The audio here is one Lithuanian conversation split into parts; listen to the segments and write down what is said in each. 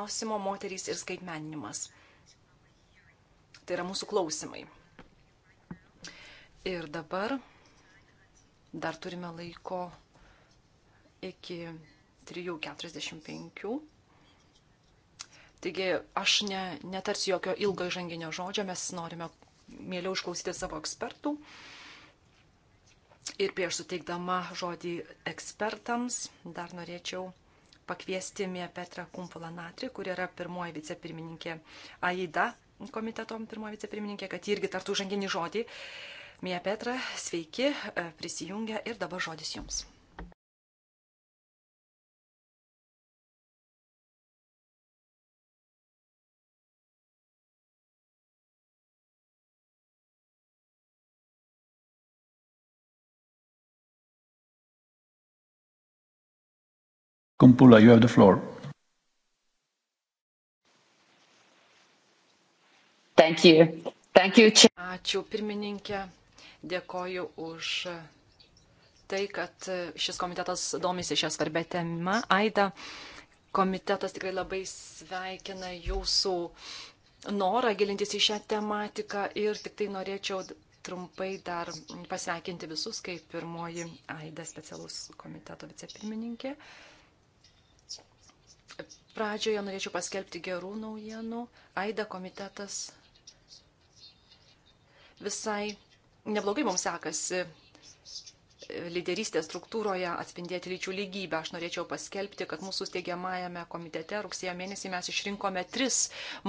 klausimo moterys ir skaitmeninimas. Tai yra mūsų klausimai. Ir dabar dar turime laiko iki 3.45. Taigi aš ne, netarsiu jokio ilgo įžanginio žodžio, mes norime mieliau išklausyti savo ekspertų. Ir prieš suteikdama žodį ekspertams dar norėčiau pakviesti Mie Petra Kumpula Natri, kur yra pirmoji vicepirmininkė AIDA komiteto pirmoji vicepirmininkė, kad ji irgi tartų žanginį žodį. Mie Petra, sveiki, prisijungia ir dabar žodis jums. Kumpula, you have the floor. Thank you. Thank you. Ačiū pirmininkė. Dėkoju už tai, kad šis komitetas domisi šią svarbę temą. Aida, komitetas tikrai labai sveikina jūsų norą gilintis į šią tematiką ir tik tai norėčiau trumpai dar pasveikinti visus kaip pirmoji Aida specialus komiteto vicepirmininkė. Uh, Pradžioje norėčiau paskelbti gerų naujienų. Aida komitetas visai neblogai mums sekasi lyderystės struktūroje atspindėti lyčių lygybę. Aš norėčiau paskelbti, kad mūsų steigiamajame komitete rugsėjo mėnesį mes išrinkome tris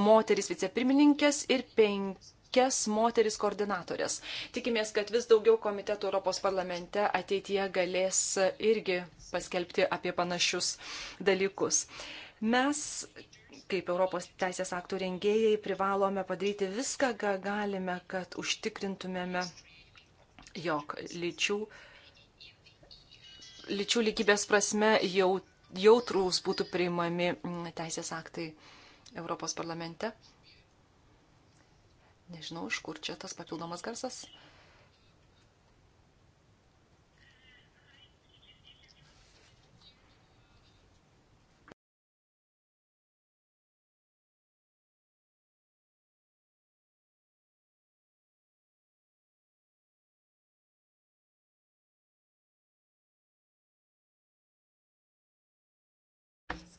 moteris vicepirmininkės ir penkias moteris koordinatorės. Tikimės, kad vis daugiau komitetų Europos parlamente ateityje galės irgi paskelbti apie panašius dalykus. Mes, kaip Europos teisės aktų rengėjai, privalome padaryti viską, ką galime, kad užtikrintumėme, jog lyčių, lyčių lygybės prasme jau, jautrus būtų priimami mm, teisės aktai Europos parlamente. Nežinau, iš kur čia tas papildomas garsas.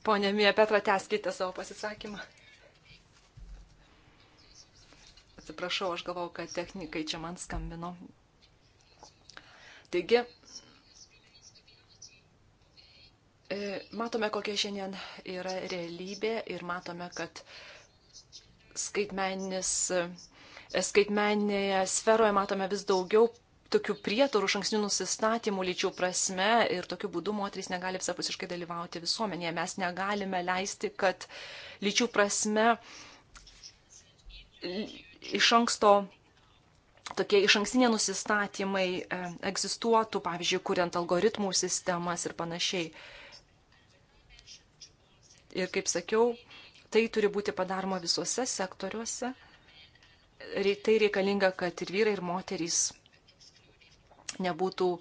Pone Mija Petra, tęskite savo pasisakymą. Atsiprašau, aš galvau, kad technikai čia man skambino. Taigi, e, matome, kokia šiandien yra realybė ir matome, kad skaitmeninės e, skaitmeninėje sferoje matome vis daugiau tokių prietarų, šanksnių nusistatymų lyčių prasme ir tokiu būdu moterys negali visapusiškai dalyvauti visuomenėje. Mes negalime leisti, kad lyčių prasme iš anksto tokie iš ankstinė nusistatymai e, egzistuotų, pavyzdžiui, kuriant algoritmų sistemas ir panašiai. Ir kaip sakiau, tai turi būti padaroma visuose sektoriuose. Tai reikalinga, kad ir vyrai, ir moterys nebūtų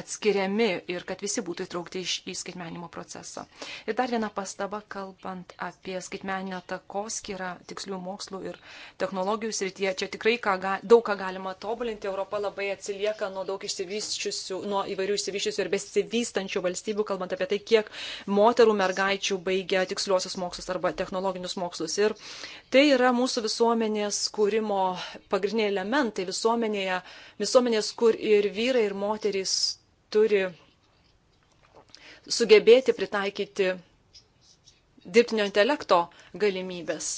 atskiriami ir kad visi būtų įtraukti iš, į skaitmenimo procesą. Ir dar viena pastaba, kalbant apie skaitmeninę takoskirą tikslių mokslų ir technologijų srityje. Čia tikrai ką, daug ką galima tobulinti. Europa labai atsilieka nuo daug išsivyščiusių, nuo įvairių išsivyščiusių ir besivystančių valstybių, kalbant apie tai, kiek moterų mergaičių baigia tiksliuosius mokslus arba technologinius mokslus. Ir tai yra mūsų visuomenės kūrimo pagrindiniai elementai visuomenėje, visuomenės, kur ir vyrai, ir moterys turi sugebėti pritaikyti dirbtinio intelekto galimybės.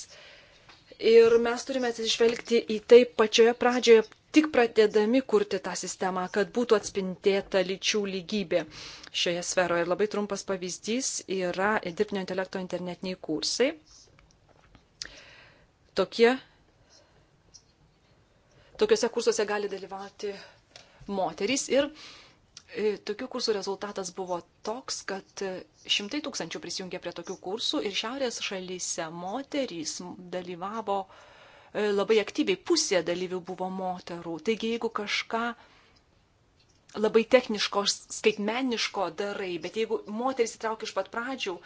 Ir mes turime atsižvelgti į tai pačioje pradžioje, tik pradėdami kurti tą sistemą, kad būtų atspindėta lyčių lygybė šioje sferoje. Ir labai trumpas pavyzdys yra dirbtinio intelekto internetiniai kursai. Tokie, tokiuose kursuose gali dalyvauti moterys ir E, tokių kursų rezultatas buvo toks, kad e, šimtai tūkstančių prisijungė prie tokių kursų ir šiaurės šalyse moterys dalyvavo e, labai aktyviai, pusė dalyvių buvo moterų. Taigi jeigu kažką labai techniško, skaitmeniško darai, bet jeigu moteris įtraukia iš pat pradžių,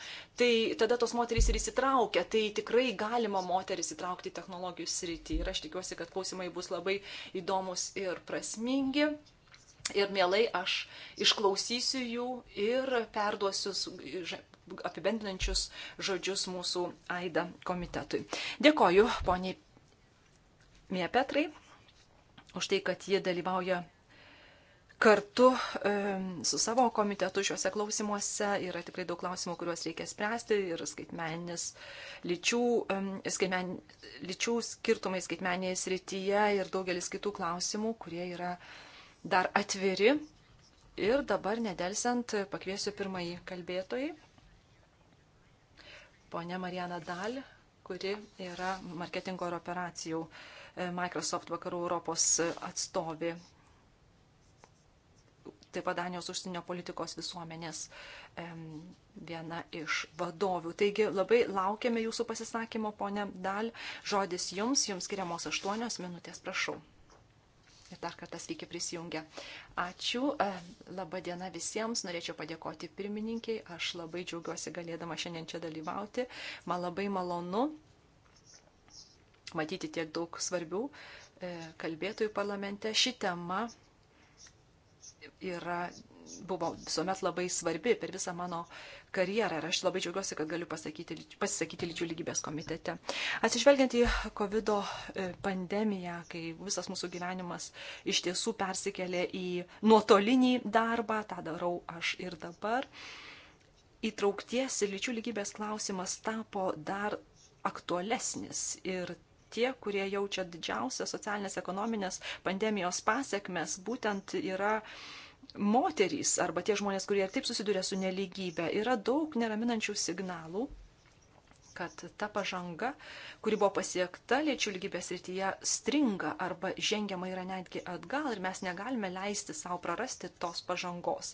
tai tada tos moteris ir įsitraukia, tai tikrai galima moteris įtraukti į technologijų sritį. Ir aš tikiuosi, kad klausimai bus labai įdomus ir prasmingi ir mielai aš išklausysiu jų ir perduosiu apibendrinančius žodžius mūsų AIDA komitetui. Dėkoju poniai Mie Petrai už tai, kad jie dalyvauja kartu e, su savo komitetu šiuose klausimuose. Yra tikrai daug klausimų, kuriuos reikia spręsti ir skaitmeninis lyčių, e, skaitmen, lyčių skirtumai skaitmeninėje srityje ir daugelis kitų klausimų, kurie yra e, dar atviri. Ir dabar nedelsiant pakviesiu pirmąjį kalbėtojį, ponę Marianą Dal, kuri yra marketingo ir operacijų e, Microsoft vakarų Europos atstovė. Taip pat Danijos užsienio politikos visuomenės viena iš vadovių. Taigi labai laukiame jūsų pasisakymo, ponė Dal. Žodis jums, jums skiriamos aštuonios minutės, prašau. Ir dar kartą sveiki prisijungę. Ačiū. E, Labą dieną visiems. Norėčiau padėkoti pirmininkiai. Aš labai džiaugiuosi galėdama šiandien čia dalyvauti. Man labai malonu matyti tiek daug svarbių e, kalbėtojų parlamente. Ši tema yra, buvo visuomet labai svarbi per visą mano karjerą ir aš labai džiaugiuosi, kad galiu pasisakyti lyčių lygybės komitete. Atsižvelgiant į COVID e, pandemiją, kai visas mūsų gyvenimas iš tiesų persikėlė į nuotolinį darbą, tą darau aš ir dabar, įtraukties ir lyčių lygybės klausimas tapo dar aktualesnis ir tie, kurie jaučia didžiausias socialinės ekonominės pandemijos pasiekmes, būtent yra uh, moterys arba tie žmonės, kurie ir taip susiduria su neligybė, yra daug neraminančių signalų, kad ta pažanga, kuri buvo pasiekta lėčių lygybės rytyje, stringa arba žengiama yra netgi atgal ir mes negalime leisti savo prarasti tos pažangos.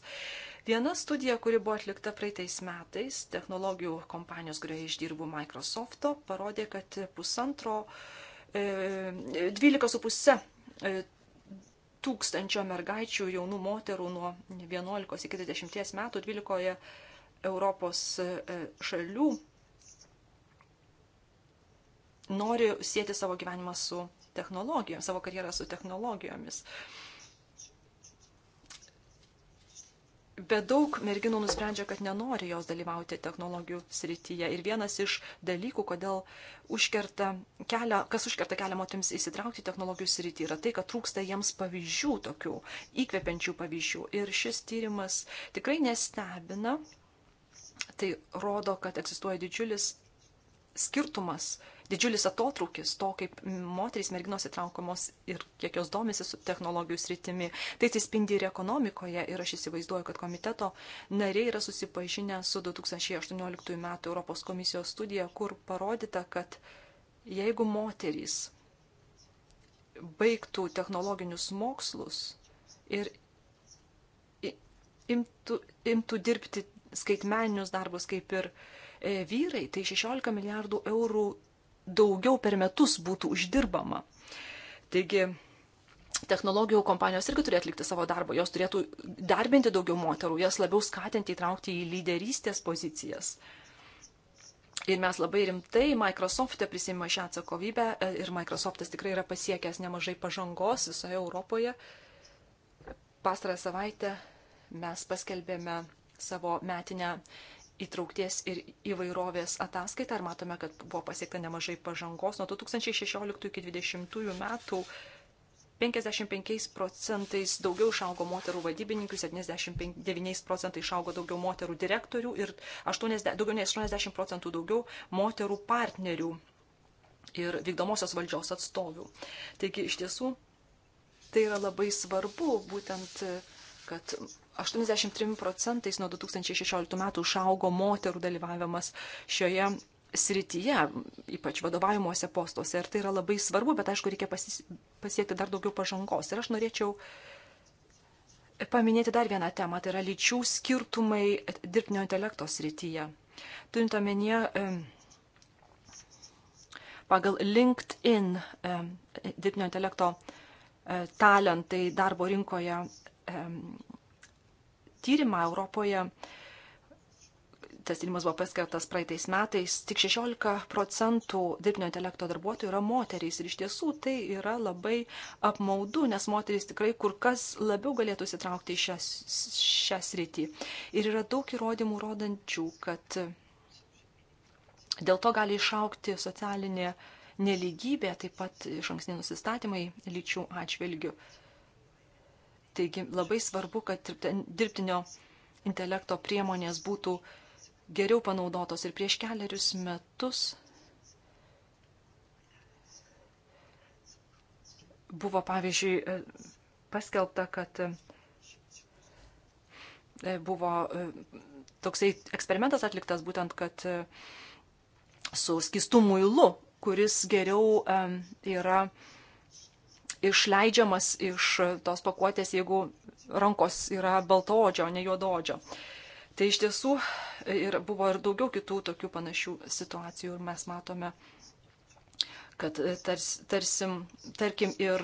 Viena studija, kuri buvo atlikta praeitais metais, technologijų kompanijos, kurioje išdirbu Microsofto, parodė, kad pusantro, e, 12,5 tūkstančio mergaičių, jaunų moterų nuo 11 iki 30 metų 12 Europos e, šalių nori sėti savo gyvenimą su technologijomis, savo karjerą su technologijomis. Uh, Bet daug merginų nusprendžia, kad nenori jos dalyvauti technologijų srityje. Ir vienas iš dalykų, kodėl užkerta kelią, kas užkerta kelią moteriams įsitraukti technologijų srity, yra tai, kad trūksta jiems pavyzdžių tokių, įkvepiančių pavyzdžių. Ir šis tyrimas tikrai nestebina. Tai rodo, kad egzistuoja didžiulis skirtumas, didžiulis atotrūkis to, kaip moterys merginos įtraukomos ir kiek jos domisi su technologijų sritimi. Tai atsispindi ir ekonomikoje ir aš įsivaizduoju, kad komiteto nariai yra susipažinę su 2018 m. Europos komisijos studija, kur parodyta, kad jeigu moterys baigtų technologinius mokslus ir imtų, imtų dirbti skaitmeninius darbus kaip ir uh, E, vyrai, tai 16 milijardų eurų daugiau per metus būtų uždirbama. Taigi, technologijų kompanijos irgi turi atlikti savo darbą, jos turėtų darbinti daugiau moterų, jas labiau skatinti įtraukti į lyderystės pozicijas. Ir mes labai rimtai Microsoft'e prisimame šią atsakomybę e, ir Microsoft'as tikrai yra pasiekęs nemažai pažangos visoje Europoje. Pastarą savaitę mes paskelbėme savo metinę įtraukties ir įvairovės ataskaitą ir matome, kad buvo pasiekta nemažai pažangos. Nuo 2016 iki 2020 metų 55 procentais daugiau išaugo moterų vadybininkių, 79 procentai išaugo daugiau moterų direktorių ir 80, daugiau nei 80 procentų daugiau moterų partnerių ir vykdomosios valdžios atstovių. Taigi iš tiesų tai yra labai svarbu būtent, kad 83 procentais nuo 2016 metų išaugo moterų dalyvavimas šioje srityje, ypač vadovavimuose postuose. Ir tai yra labai svarbu, bet aišku, reikia pasiekti dar daugiau pažangos. Ir aš norėčiau paminėti dar vieną temą, tai yra lyčių skirtumai dirbtinio intelekto srityje. Turint omenyje, pagal LinkedIn dirbtinio intelekto e, talentai darbo rinkoje tyrimą Europoje. Tas tyrimas buvo paskirtas praeitais metais. Tik 16 procentų dirbtinio intelekto darbuotojų yra moterys. Ir iš tiesų tai yra labai apmaudu, nes moterys tikrai kur kas labiau galėtų įsitraukti į šią, šią sritį. Ir yra daug įrodymų rodančių, kad dėl to gali išaukti socialinė nelygybė, taip pat iš anksnė nusistatymai lyčių atžvilgių. Taigi labai svarbu, kad dirbtinio intelekto priemonės būtų geriau panaudotos. Ir prieš keliarius metus buvo, pavyzdžiui, paskelbta, kad e, buvo e, toksai eksperimentas atliktas būtent, kad e, su skistu muilu, kuris geriau yra išleidžiamas iš tos pakuotės, jeigu rankos yra baltoodžio, o ne juodoodžio. Tai iš tiesų ir buvo ir daugiau kitų tokių panašių situacijų ir mes matome, kad tars, tarsim, tarkim ir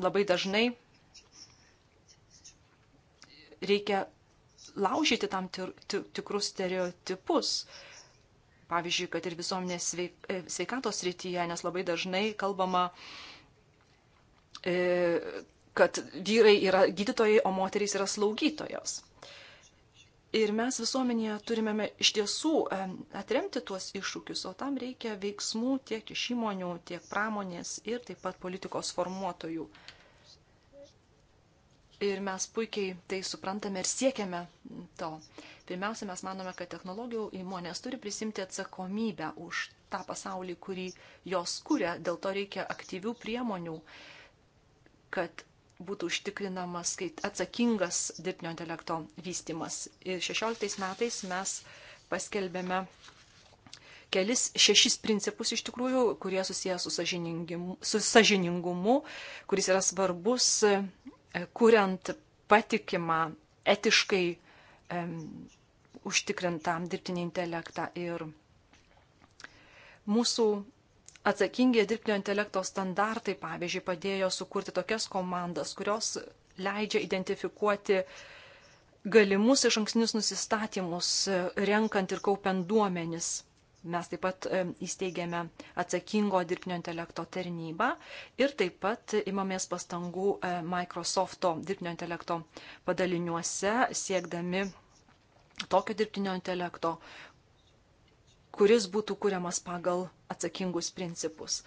labai dažnai reikia laužyti tam tikrus stereotipus. Pavyzdžiui, kad ir visuomenės sveikatos rytyje, nes labai dažnai kalbama uh, E, kad vyrai yra gydytojai, o moterys yra slaugytojos. Ir mes visuomenėje turime iš tiesų e, atremti tuos iššūkius, o tam reikia veiksmų tiek iš įmonių, tiek pramonės ir taip pat politikos formuotojų. Ir mes puikiai tai suprantame ir siekiame to. Pirmiausia, mes manome, kad technologijų įmonės turi prisimti atsakomybę už tą pasaulį, kurį jos kuria. Dėl to reikia aktyvių priemonių. Uh, kad būtų užtikrinamas atsakingas dirbtinio intelekto vystimas. Ir 16 metais mes paskelbėme kelis, šešis principus iš tikrųjų, kurie susijęs su, su sažiningumu, kuris yra svarbus, e, kuriant patikimą, etiškai um, užtikrintą dirbtinį intelektą. Ir mūsų Atsakingi dirbtinio intelekto standartai, pavyzdžiui, padėjo sukurti tokias komandas, kurios leidžia identifikuoti galimus iš ankstinius nusistatymus, renkant ir kaupiant duomenis. Mes taip pat e, įsteigėme atsakingo dirbtinio intelekto tarnybą ir taip pat imamės pastangų e, Microsofto dirbtinio intelekto padaliniuose siekdami tokio dirbtinio intelekto, kuris būtų kuriamas pagal atsakingus principus.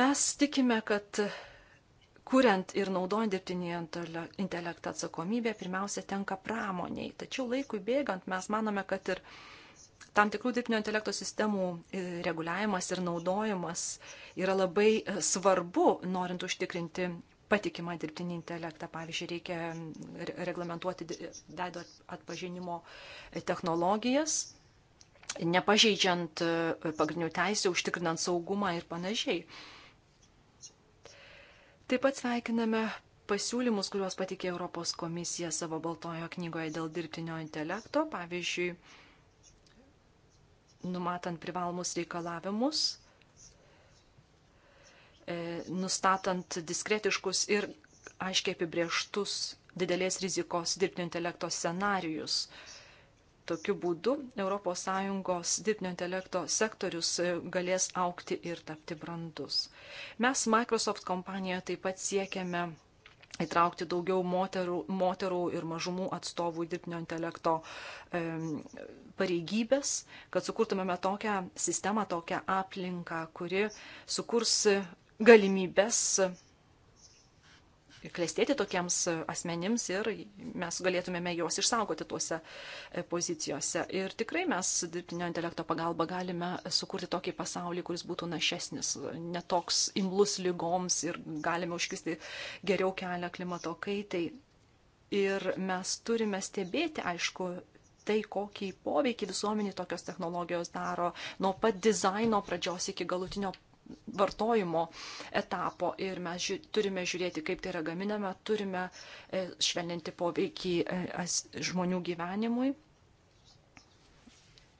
Mes tikime, kad kuriant ir naudojant dirbtinį intelektą atsakomybę pirmiausia tenka pramoniai. Tačiau laikui bėgant mes manome, kad ir tam tikrų dirbtinio intelekto sistemų e, reguliavimas ir naudojimas yra labai e, svarbu, norint užtikrinti patikimą dirbtinį intelektą. Pavyzdžiui, reikia reglamentuoti veido atpažinimo e, technologijas nepažeidžiant e, pagrindinių teisų, užtikrinant saugumą ir panašiai. Taip pat sveikiname pasiūlymus, kuriuos patikė Europos komisija savo baltojo knygoje dėl dirbtinio intelekto, pavyzdžiui, numatant privalomus reikalavimus, e, nustatant diskretiškus ir aiškiai apibrieštus didelės rizikos dirbtinio intelekto scenarius, Tokiu būdu ES dirbtinio intelekto sektorius e, galės aukti ir tapti brandus. Mes Microsoft kompanijoje taip pat siekiame įtraukti daugiau moterų, moterų ir mažumų atstovų dirbtinio intelekto e, pareigybės, kad sukurtumėme tokią sistemą, tokią aplinką, kuri sukurs e, galimybės klestėti tokiems asmenims ir mes galėtumėme juos išsaugoti tuose e, pozicijose. Ir tikrai mes dirbtinio intelekto pagalba galime sukurti tokį pasaulį, kuris būtų našesnis, netoks imlus lygoms ir galime užkisti geriau kelią klimato kaitai. Ir mes turime stebėti, aišku, tai, kokį poveikį visuomenį tokios technologijos daro nuo pat dizaino pradžios iki galutinio vartojimo etapo ir mes ži turime žiūrėti, kaip tai yra gaminama, turime e, švelninti poveikį e, žmonių gyvenimui.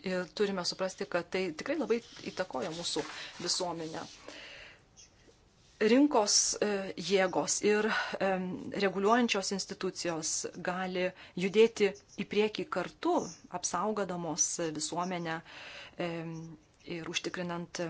Ir turime suprasti, kad tai tikrai labai įtakoja mūsų visuomenę. Rinkos e, jėgos ir reguliuojančios institucijos gali judėti į priekį kartu, apsaugodamos visuomenę ir užtikrinant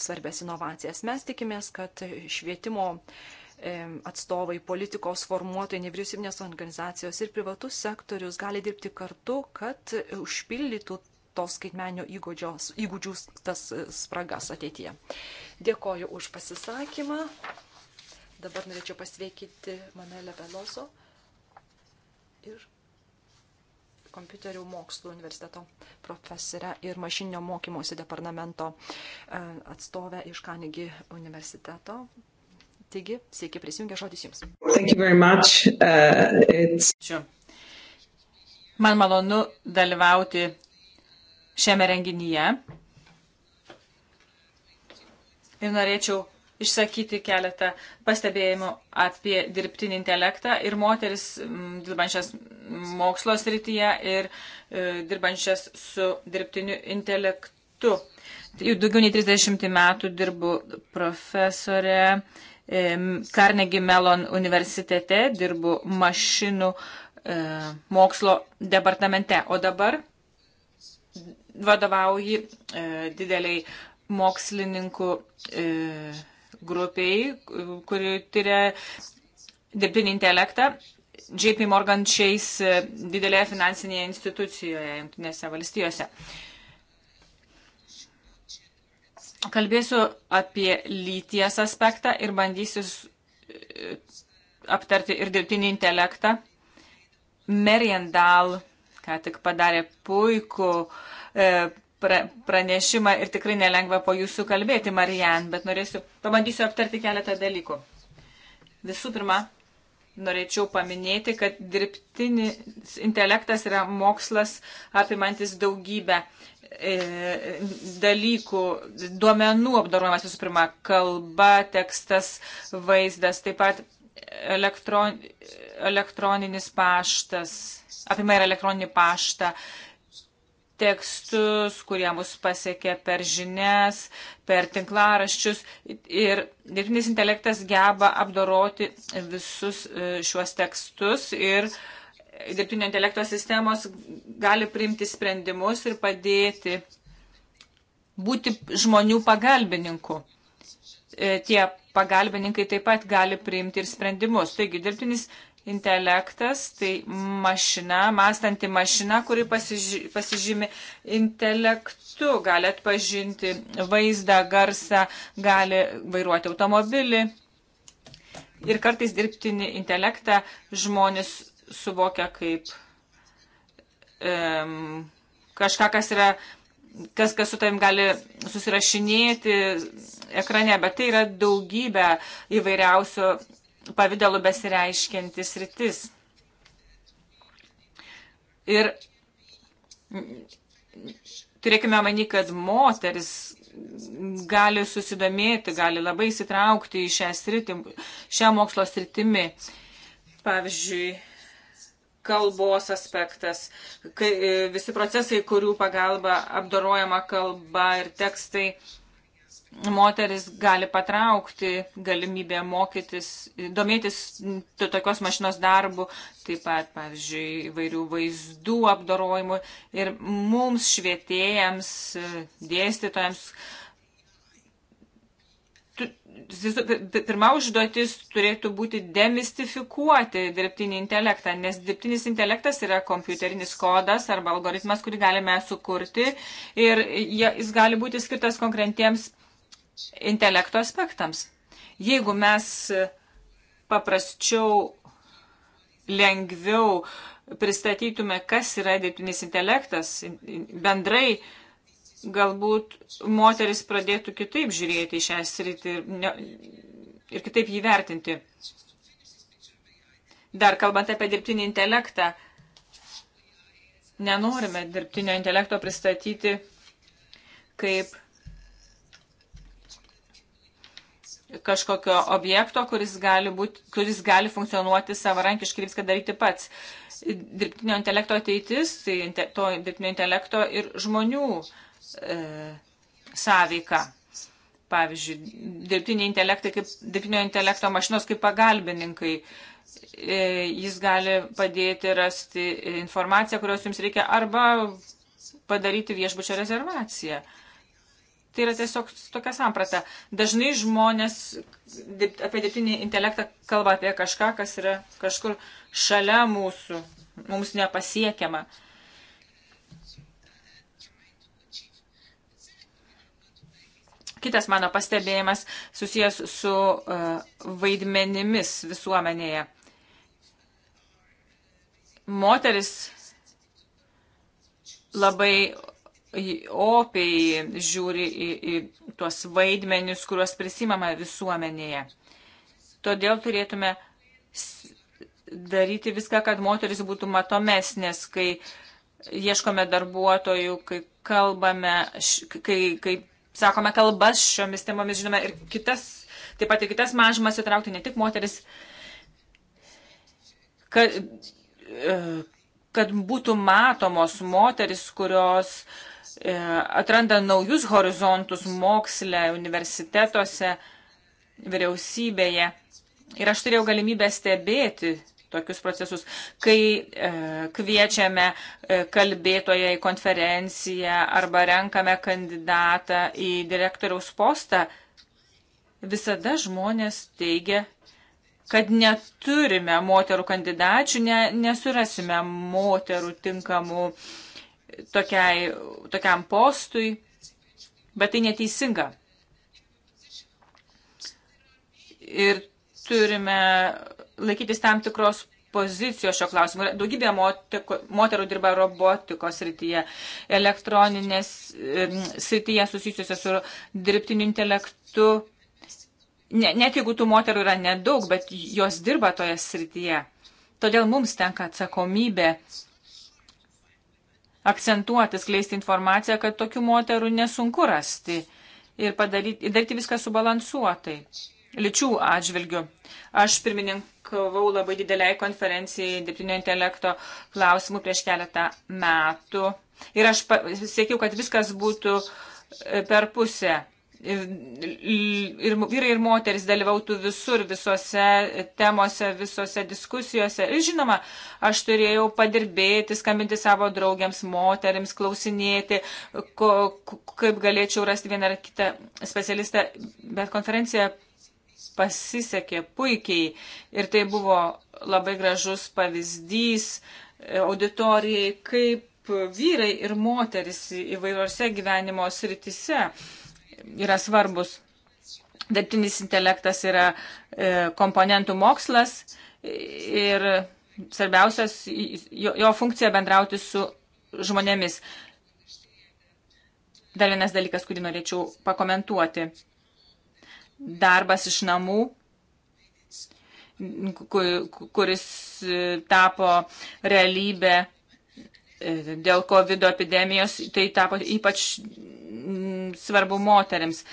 svarbės inovacijas. Mes tikimės, kad švietimo e, atstovai, politikos formuotojai, nevyriausybinės organizacijos ir privatus sektorius gali dirbti kartu, kad užpildytų tos skaitmenio įgūdžių tas e, spragas ateityje. Dėkoju už pasisakymą. Dabar norėčiau pasveikyti Manuelę Veloso ir kompiuterių mokslo universiteto profesorę ir mašininio mokymosi departamento e, atstovę iš Kanigi universiteto. Taigi, sveiki prisijungę, žodis jums. Uh, Ačiū. Uh, Man malonu dalyvauti šiame renginyje. Ir norėčiau išsakyti keletą pastebėjimų apie dirbtinį intelektą ir moteris dirbančias mokslo srityje ir e, dirbančias su dirbtiniu intelektu. Jau daugiau nei 30 metų dirbu profesorė e, Carnegie Mellon universitete, dirbu mašinų e, mokslo departamente, o dabar vadovauji dideliai mokslininkų grupiai, kuri tyria dirbtinį intelektą. JP Morgan Chase didelėje finansinėje institucijoje Junktinėse valstijose. Kalbėsiu apie lyties aspektą ir bandysiu aptarti ir dirbtinį intelektą. Meriendal ką tik padarė puikų e, pra, pranešimą ir tikrai nelengva po jūsų kalbėti, Marijan, bet norėsiu, pabandysiu aptarti keletą dalykų. Visų pirma, norėčiau paminėti, kad dirbtinis intelektas yra mokslas apimantis daugybę e, dalykų, duomenų apdarojimas visų pirma, kalba, tekstas, vaizdas, taip pat elektron, elektroninis paštas, apima ir elektroninį paštą tekstus, kurie mus pasiekė per žinias, per tinklaraščius ir dirbtinis intelektas geba apdoroti visus e, šiuos tekstus ir dirbtinio intelekto sistemos gali priimti sprendimus ir padėti būti žmonių pagalbininku. E, tie pagalbininkai taip pat gali priimti ir sprendimus. Taigi dirbtinis Intelektas tai mašina, mąstanti mašina, kuri pasiži pasižymi intelektu, gali atpažinti vaizdą, garsą, gali vairuoti automobilį. Ir kartais dirbtinį intelektą žmonės suvokia kaip um, kažką, kas yra kas, kas su tavim gali susirašinėti ekrane, bet tai yra daugybė įvairiausių pavydalu besireiškiantis rytis. Ir turėkime mani, kad moteris gali susidomėti, gali labai įsitraukti į šią, sritį, šią mokslo sritimį. Pavyzdžiui, kalbos aspektas, kai, e, visi procesai, kurių pagalba apdorojama kalba ir tekstai moteris gali patraukti galimybę mokytis, domėtis tokios mašinos darbu, taip pat, pavyzdžiui, įvairių vaizdų apdorojimų. Ir mums švietėjams, dėstytojams, pirma užduotis turėtų būti demistifikuoti dirbtinį intelektą, nes dirbtinis intelektas yra kompiuterinis kodas arba algoritmas, kurį galime sukurti ir jis gali būti skirtas konkrentiems intelekto aspektams. Jeigu mes paprasčiau, lengviau pristatytume, kas yra dirbtinis intelektas, bendrai galbūt moteris pradėtų kitaip žiūrėti į šią sritį ir, ne, ir kitaip jį vertinti. Dar kalbant apie dirbtinį intelektą, nenorime dirbtinio intelekto pristatyti kaip kažkokio objekto, kuris gali, būt, kuris gali funkcionuoti savarankiškai ir viską daryti pats. Dirbtinio intelekto ateitis, tai inte, to dirbtinio intelekto ir žmonių e, sąveika. Pavyzdžiui, dirbtiniai intelektai kaip dirbtinio intelekto mašinos kaip pagalbininkai. E, jis gali padėti rasti informaciją, kurios jums reikia, arba padaryti viešbučio rezervaciją. E, tai yra tiesiog tokia samprata. Dažnai žmonės apie dirbtinį intelektą kalba apie kažką, kas yra kažkur šalia mūsų, mums nepasiekiama. Kitas mano pastebėjimas susijęs su e, vaidmenimis visuomenėje. Moteris labai opiai žiūri į, į tuos vaidmenis, kuriuos prisimama visuomenėje. Todėl turėtume daryti viską, kad moteris būtų matomesnės, kai ieškome darbuotojų, kai kalbame, kai, kai sakome kalbas šiomis temomis, žinome, ir kitas, taip pat ir kitas mažumas įtraukti, ne tik moteris, kad, e, kad būtų matomos moteris, kurios uh, E, atranda naujus horizontus moksle, universitetuose, vyriausybėje. Ir aš turėjau galimybę stebėti tokius procesus, kai e, kviečiame e, kalbėtoje į konferenciją arba renkame kandidatą į direktoriaus postą, visada žmonės teigia, kad neturime moterų kandidačių, ne, nesurasime moterų tinkamų e, tokiai, tokiam postui, bet tai neteisinga. Ir turime laikytis tam tikros pozicijos šio klausimu. Daugybė motiko, moterų dirba robotikos srityje, elektroninės srityje susijusiuose su dirbtiniu intelektu. Ne, net jeigu tų moterų yra nedaug, bet jos dirba toje srityje. Todėl mums tenka atsakomybė akcentuoti, skleisti informaciją, kad tokių moterų nesunku rasti ir padaryti, daryti viską subalansuotai. Ličių atžvilgių. Aš pirmininkavau labai dideliai konferencijai dirbtinio intelekto klausimų prieš keletą metų. Ir aš siekiau, kad viskas būtų e, per pusę ir vyrai ir moteris dalyvautų visur, visose temose, visose diskusijose. Ir žinoma, aš turėjau padirbėti, skambinti savo draugiams, moteriams, klausinėti, ko, kaip galėčiau rasti vieną ar kitą specialistą, bet konferencija pasisekė puikiai ir tai buvo labai gražus pavyzdys e, auditorijai, kaip vyrai ir moteris įvairiose gyvenimo sritise yra svarbus. Dirbtinis intelektas yra e, komponentų mokslas ir svarbiausias jo, jo funkcija bendrauti su žmonėmis. Dar vienas dalykas, kurį norėčiau pakomentuoti. Darbas iš namų, kuris e, tapo realybė e, dėl COVID epidemijos, tai tapo ypač svarbu moteriams.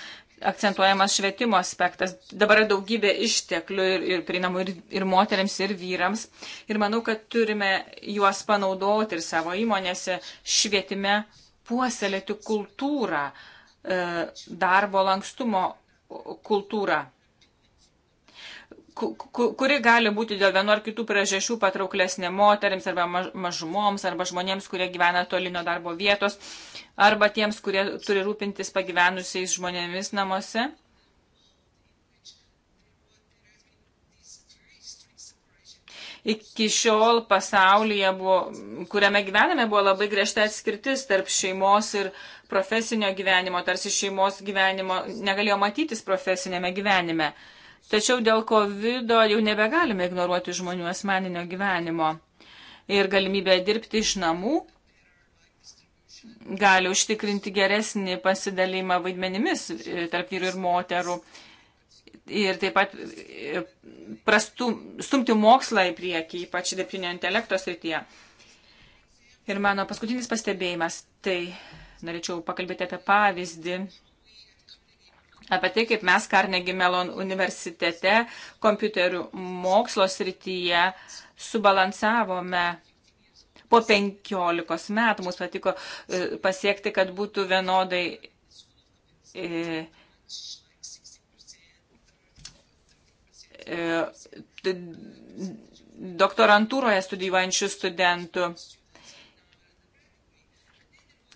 Akcentuojamas švietimo aspektas. Dabar yra daugybė išteklių ir, ir prieinamų ir, ir moteriams, ir vyrams. Ir manau, kad turime juos panaudoti ir savo įmonėse švietime puoselėti kultūrą, e, darbo lankstumo kultūrą kuri gali būti dėl vienu ar kitų priežasčių patrauklesnė moteriams arba mažumoms arba žmonėms, kurie gyvena toli nuo darbo vietos arba tiems, kurie turi rūpintis pagyvenusiais žmonėmis namuose. Iki šiol pasaulyje, buvo, kuriame gyvename, buvo labai griežta atskirtis tarp šeimos ir profesinio gyvenimo, tarsi šeimos gyvenimo negalėjo matytis profesinėme gyvenime. Tačiau dėl COVID jau nebegalime ignoruoti žmonių asmeninio gyvenimo ir galimybę dirbti iš namų gali užtikrinti geresnį pasidalymą vaidmenimis e, tarp vyrų ir moterų. Ir taip pat e, prastum, stumti mokslą į priekį, ypač dirbtinio intelekto srityje. Ir mano paskutinis pastebėjimas, tai norėčiau pakalbėti apie pavyzdį, apie tai, kaip mes Karnegi Melon universitete kompiuterių mokslo srityje subalansavome po 15 metų mums patiko e, pasiekti, kad būtų vienodai. E, e, doktorantūroje studijuojančių studentų.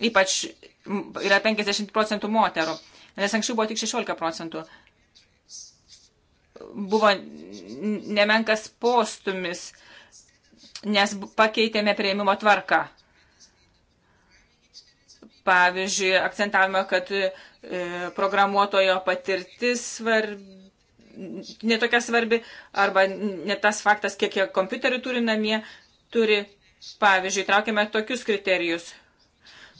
Ypač yra 50 procentų moterų, nes anksčiau buvo tik 16 procentų. Buvo nemenkas postumis uh, nes pakeitėme prieimimo tvarką. Pavyzdžiui, akcentavome, kad e, programuotojo patirtis svarbi netokia svarbi, arba net tas faktas, kiek jie kompiuterių turi namie, turi, pavyzdžiui, traukiame tokius kriterijus,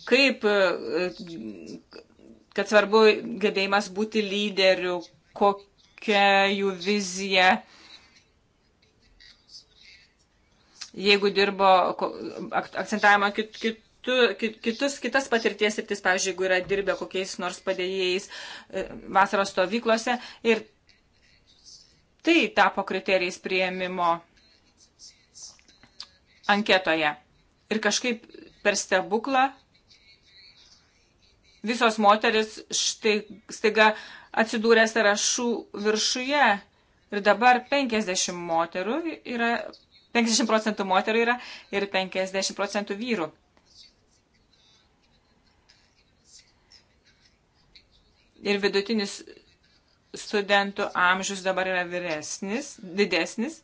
kaip, e, kad svarbu gebėjimas būti lyderių, kokia jų vizija, jeigu dirbo akcentavimo kit, kit, kitus, kitas patirties ir, pavyzdžiui, jeigu yra dirbę kokiais nors padėjėjais e, vasaros stovyklose ir tai tapo kriterijais prieimimo anketoje. Ir kažkaip per stebuklą visos moteris štai, staiga atsidūrė sąrašų viršuje ir dabar 50 moterų yra 50 procentų moterų yra ir 50 procentų vyrų. Ir vidutinis studentų amžius dabar yra vyresnis, didesnis.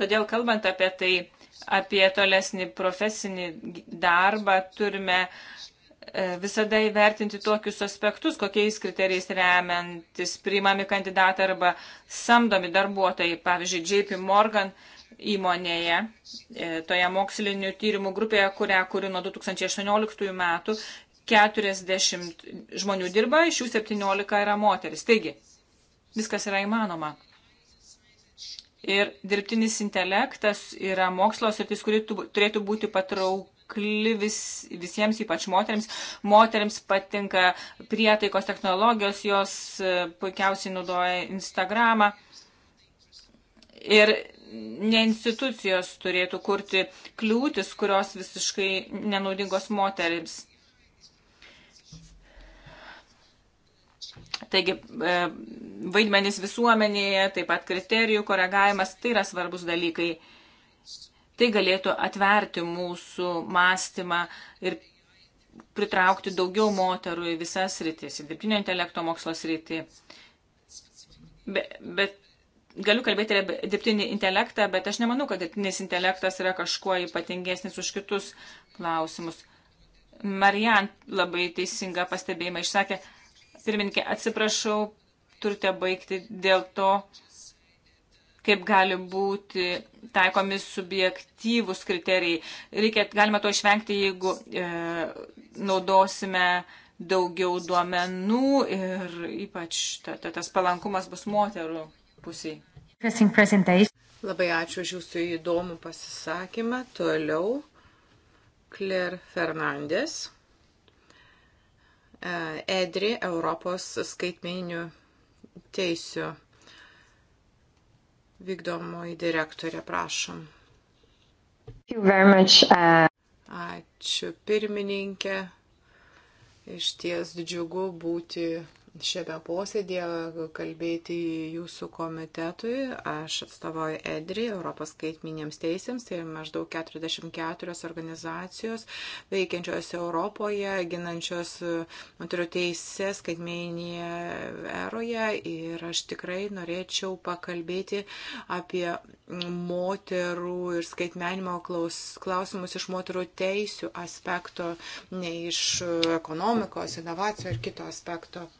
Todėl kalbant apie tai, apie tolesnį profesinį darbą, turime uh, E, visada įvertinti tokius aspektus, kokiais kriterijais remiantis priimami kandidatai arba samdomi darbuotojai. Pavyzdžiui, JP Morgan įmonėje, e, toje mokslinių tyrimų grupėje, kurią kuri nuo 2018 metų, 40 žmonių dirba, iš jų 17 yra moteris. Taigi, viskas yra įmanoma. Ir dirbtinis intelektas yra mokslos ir jis turėtų būti patrauk patraukli vis, visiems, ypač moteriams. Moteriams patinka prietaikos technologijos, jos e, puikiausiai naudoja Instagramą. Ir ne institucijos turėtų kurti kliūtis, kurios visiškai nenaudingos moteriams. Taigi e, vaidmenis visuomenėje, taip pat kriterijų koregavimas, tai yra svarbus dalykai. Tai galėtų atverti mūsų mąstymą ir pritraukti daugiau moterų į visas rytis, į dirbtinio intelekto mokslo sritį. Be, bet galiu kalbėti apie dirbtinį intelektą, bet aš nemanau, kad dirbtinis intelektas yra kažkuo ypatingesnis už kitus klausimus. Marian labai teisingą pastebėjimą išsakė. Pirminkė, atsiprašau, turite baigti dėl to, kaip gali būti taikomi subjektyvūs kriterijai. Reikia, galima to išvengti, jeigu e, naudosime daugiau duomenų ir ypač ta, ta, tas palankumas bus moterų pusiai. Labai ačiū už jūsų įdomų pasisakymą. Toliau Claire Fernandes, e, EDRI Europos skaitmeninių teisių Vykdomoji direktorė, prašom. Uh, Ačiū pirmininkė. Iš ties džiugu būti šiame posėdėje kalbėti jūsų komitetui. Aš atstovauju EDRI, Europos skaitminėms teisėms, tai maždaug 44 organizacijos veikiančios Europoje, ginančios moterų teisės skaitminėje eroje. Ir aš tikrai norėčiau pakalbėti apie moterų ir skaitmenimo klaus, klausimus iš moterų teisių aspekto, ne iš ekonomikos, inovacijų ir kito aspekto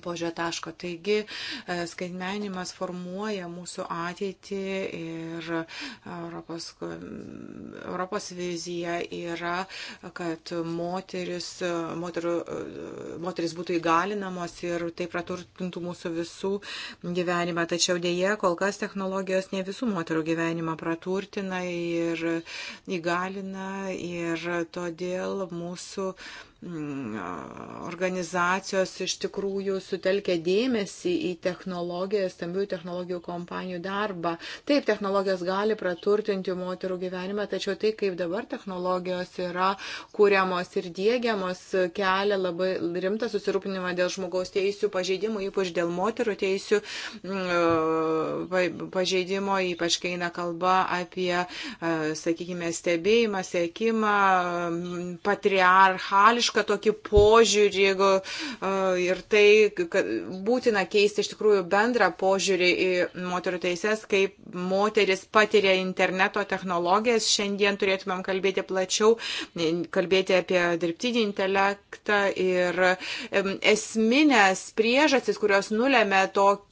požiūrio taško. Taigi e, skaitmenimas formuoja mūsų ateitį ir Europos, Europos vizija yra, kad moteris, moterų, moteris būtų įgalinamos ir tai praturtintų mūsų visų gyvenimą. Tačiau dėje kol kas technologijos ne visų moterų gyvenimą praturtina ir įgalina ir todėl mūsų Mm, organizacijos iš tikrųjų sutelkia dėmesį į technologijas, stambių technologijų kompanijų darbą. Taip, technologijos gali praturtinti moterų gyvenimą, tačiau tai, kaip dabar technologijos yra kūriamos ir dėgiamos, kelia labai rimtą susirūpinimą dėl žmogaus teisų pažeidimų, ypač dėl moterų teisų mm, pažeidimo, ypač kai eina kalba apie, sakykime, stebėjimą, sėkimą, mm, patriarchališką kritišką tokį požiūrį ir tai, kad būtina keisti iš tikrųjų bendrą požiūrį į moterų teises, kaip moteris patiria interneto technologijas. Šiandien turėtumėm kalbėti plačiau, kalbėti apie dirbtinį intelektą ir esminės priežastis, kurios nulėmė tokį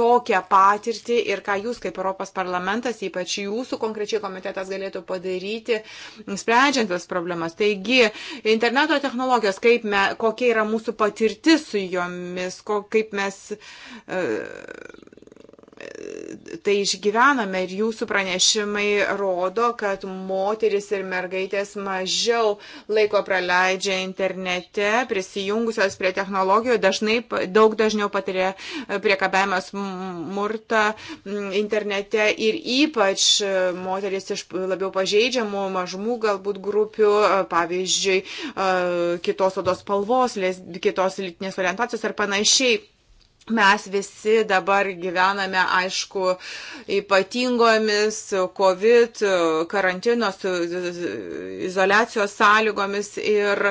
tokią patirtį ir ką jūs kaip Europos parlamentas, ypač jūsų konkrečiai komitetas galėtų padaryti, sprendžiant tas problemas. Taigi, interneto technologijos, kaip me, kokia yra mūsų patirtis su jomis, ko, kaip mes. Uh, tai išgyvename ir jūsų pranešimai rodo, kad moteris ir mergaitės mažiau laiko praleidžia internete, prisijungusios prie technologijų, dažnai, daug dažniau patiria priekabėjimą smurtą internete ir ypač moteris iš labiau pažeidžiamų mažumų galbūt grupių, pavyzdžiui, kitos odos spalvos, kitos lytinės orientacijos ar panašiai Mes visi dabar gyvename, aišku, ypatingomis COVID, karantino, izolacijos sąlygomis ir,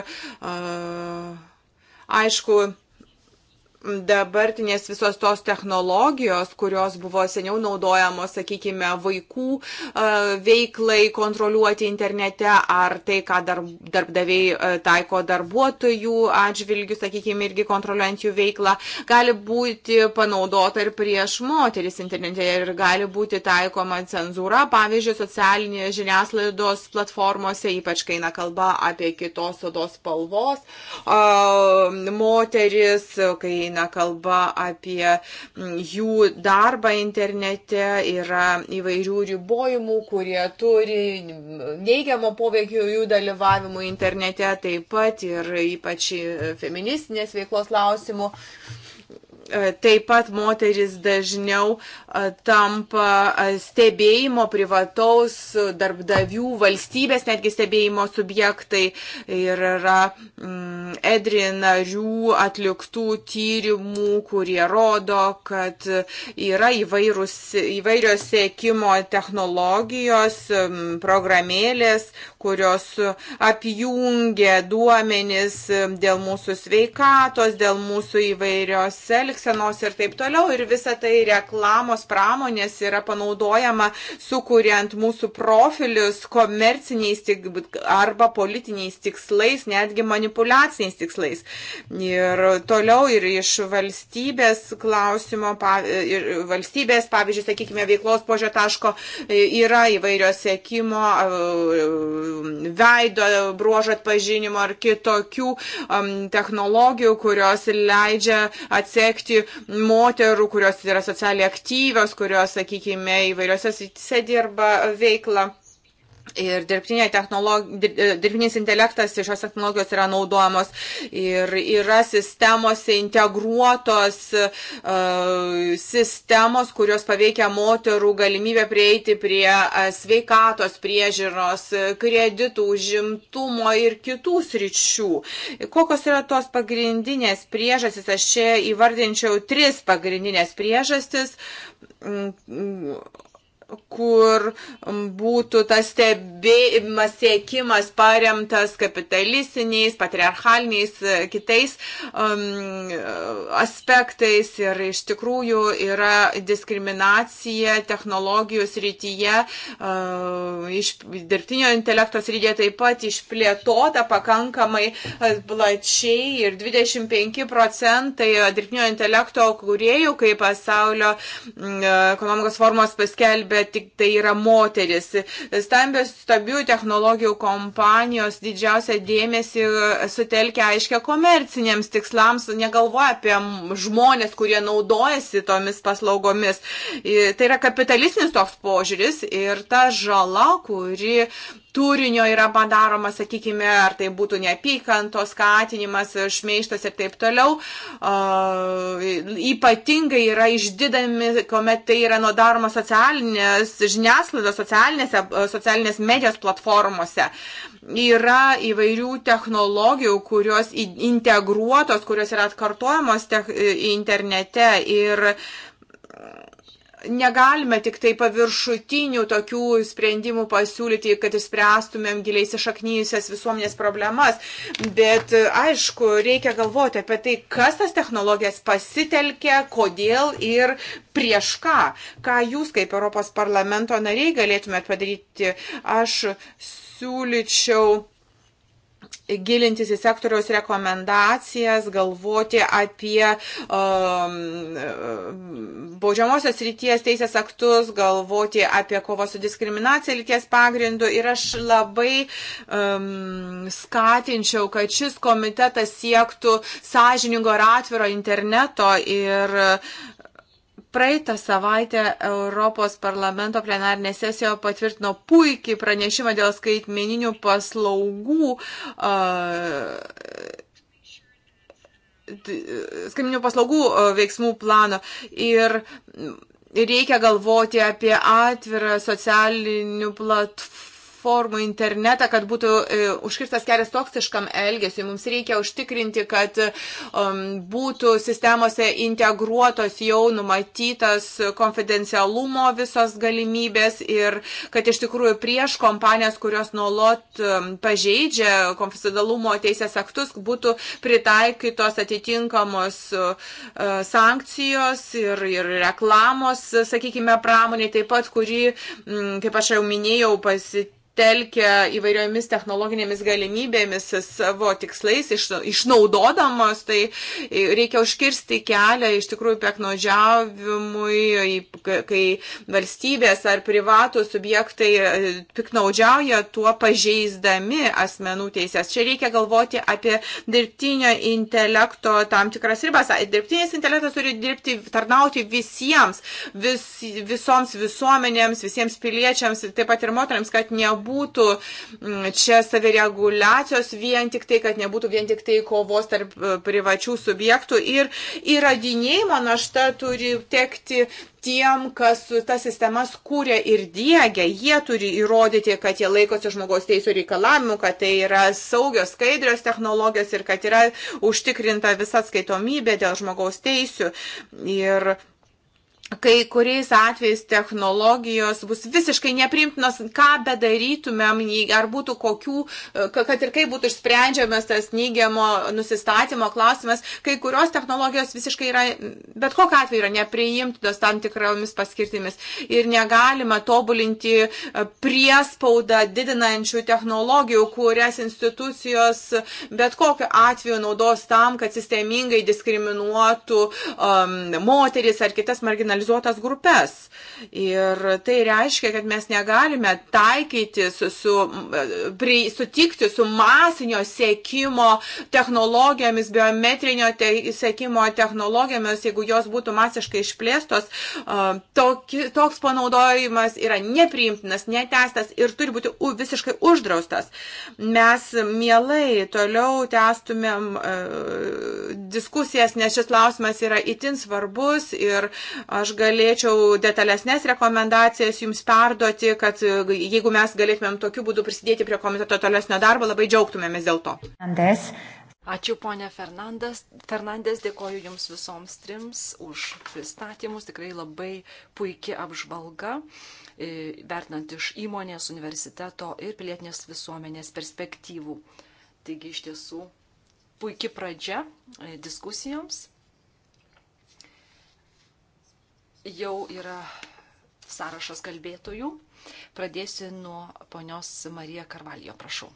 aišku, dabartinės visos tos technologijos, kurios buvo seniau naudojamos, sakykime, vaikų veiklai kontroliuoti internete, ar tai, ką darbdaviai taiko darbuotojų atžvilgių, sakykime, irgi kontroliuojant jų veiklą, gali būti panaudota ir prieš moteris internete ir gali būti taikoma cenzūra, pavyzdžiui, socialinės žiniaslaidos platformose, ypač kai eina kalba apie kitos odos spalvos moteris, kai eina kalba apie mm, jų darbą internete, yra įvairių ribojimų, kurie turi neigiamo poveikio jų dalyvavimui internete, taip pat ir ypač feministinės veiklos klausimų. Uh, E, taip pat moteris dažniau e, tampa e, stebėjimo privataus darbdavių valstybės, netgi stebėjimo subjektai ir yra mm, edri narių atliktų tyrimų, kurie rodo, kad yra įvairūs, įvairios sėkimo technologijos, programėlės, kurios apjungia duomenis dėl mūsų sveikatos, dėl mūsų įvairios elgsenos ir taip toliau. Ir visa tai reklamos pramonės yra panaudojama, sukuriant mūsų profilius komerciniais arba politiniais tikslais, netgi manipulaciniais tikslais. Ir toliau ir iš valstybės klausimo, ir valstybės, pavyzdžiui, sakykime, veiklos požio taško yra įvairios sėkimo veido bruožo atpažinimo ar kitokių um, technologijų, kurios leidžia atsekti moterų, kurios yra socialiai aktyvios, kurios, sakykime, įvairiose srityse dirba veiklą. Ir e, dirbtinis intelektas ir šios technologijos yra naudojamos ir yra sistemose integruotos uh, sistemos, kurios paveikia moterų galimybę prieiti prie e, sveikatos priežiūros, kreditų, žimtumo ir kitų sričių. Kokios yra tos pagrindinės priežastys? Aš čia įvardinčiau tris pagrindinės priežastys. Mm, mm, kur būtų tas stebėjimas, siekimas paremtas kapitalistiniais, patriarchaliniais, e, kitais um, aspektais ir iš tikrųjų yra diskriminacija technologijų srityje, uh, iš dirbtinio intelekto srityje taip pat išplėtota pakankamai e, plačiai ir 25 procentai dirbtinio intelekto kuriejų, kai pasaulio mm, ekonomikos formos paskelbė bet tik tai yra moteris. Stambios stabių technologijų kompanijos didžiausia dėmesį sutelkia aiškia komerciniams tikslams, negalvoja apie žmonės, kurie naudojasi tomis paslaugomis. Tai yra kapitalistinis toks požiūris ir ta žala, kuri turinio yra padaroma, sakykime, ar tai būtų neapykantos skatinimas, šmeištas ir taip toliau. Uh, ypatingai yra išdidami, kuomet tai yra nudaroma socialinės žiniasklaidos, socialinės, socialinės medijos platformose. Yra įvairių technologijų, kurios integruotos, kurios yra atkartojamos internete ir uh, negalime tik tai paviršutinių tokių sprendimų pasiūlyti, kad išspręstumėm giliai įsišaknyjusias visuomenės problemas. Bet aišku, reikia galvoti apie tai, kas tas technologijas pasitelkia, kodėl ir prieš ką. Ką jūs kaip Europos parlamento nariai galėtumėt padaryti, aš siūlyčiau gilintis į sektoriaus rekomendacijas, galvoti apie um, baudžiamosios ryties teisės aktus, galvoti apie kovo su diskriminacija lyties pagrindu. Ir aš labai um, skatinčiau, kad šis komitetas siektų sąžiningo ir atviro interneto ir Praeitą savaitę Europos parlamento plenarinė sesija patvirtino puikiai pranešimą dėl skaitmeninių paslaugų. Uh, skaitmeninių paslaugų veiksmų planą ir reikia galvoti apie atvirą socialinių platformų platformų internetą, kad būtų e, užkirstas kelias toksiškam elgesiu. Mums reikia užtikrinti, kad um, būtų sistemose integruotos jau numatytas konfidencialumo visos galimybės ir kad iš tikrųjų prieš kompanijas, kurios nuolat um, pažeidžia konfidencialumo teisės aktus, būtų pritaikytos atitinkamos uh, sankcijos ir, ir reklamos, sakykime, pramonė taip pat, kuri, mm, kaip aš jau minėjau, pasitikė telkia įvairiomis technologinėmis galimybėmis savo tikslais, iš, išnaudodamos, tai reikia užkirsti kelią iš tikrųjų piknaudžiavimui, kai valstybės ar privatų subjektai e, piknaudžiauja tuo pažeisdami asmenų teisės. Čia reikia galvoti apie dirbtinio intelekto tam tikras ribas. Dirbtinis intelektas turi dirbti, tarnauti visiems, vis, visoms visuomenėms, visiems piliečiams, taip pat ir moteriams, kad nebūtų nebūtų mm, čia savireguliacijos vien tik tai, kad nebūtų vien tik tai kovos tarp e, privačių subjektų ir įradinėjimo našta turi tekti tiem, kas tas sistemas kūrė ir dėgia, jie turi įrodyti, kad jie laikosi žmogaus teisų reikalavimų, kad tai yra saugios, skaidrios technologijos ir kad yra užtikrinta visa skaitomybė dėl žmogaus teisų. Ir kai kuriais atvejais technologijos bus visiškai neprimtinos, ką bedarytumėm, ar būtų kokių, kad ir kaip būtų išsprendžiamas tas neigiamo nusistatymo klausimas, kai kurios technologijos visiškai yra, bet kokiu atveju yra nepriimtinos tam tikromis paskirtimis ir negalima tobulinti e, priespaudą didinančių technologijų, kurias institucijos bet kokiu atveju naudos tam, kad sistemingai diskriminuotų um, moteris ar kitas marginalizuotas marginalizuotas grupės. Ir tai reiškia, kad mes negalime taikyti, su, su, pri, sutikti su masinio sėkimo technologijomis, biometrinio te, sėkimo technologijomis, jeigu jos būtų masiškai išplėstos. Toki, toks panaudojimas yra nepriimtinas, netestas ir turi būti u, visiškai uždraustas. Mes mielai toliau tęstumėm diskusijas, nes šis klausimas yra itin svarbus ir aš aš galėčiau detalesnės rekomendacijas jums perduoti, kad e, jeigu mes galėtumėm tokiu būdu prisidėti prie komiteto tolesnio darbo, labai džiaugtumėmės dėl to. Andes. Ačiū ponė Fernandas. Fernandes, dėkoju Jums visoms trims už pristatymus. Tikrai labai puikia apžvalga, e, vertinant iš įmonės, universiteto ir pilietinės visuomenės perspektyvų. Taigi iš tiesų puikia pradžia e, diskusijoms jau yra sąrašas kalbėtojų. Pradėsiu nuo ponios Marija Karvalijo, prašau.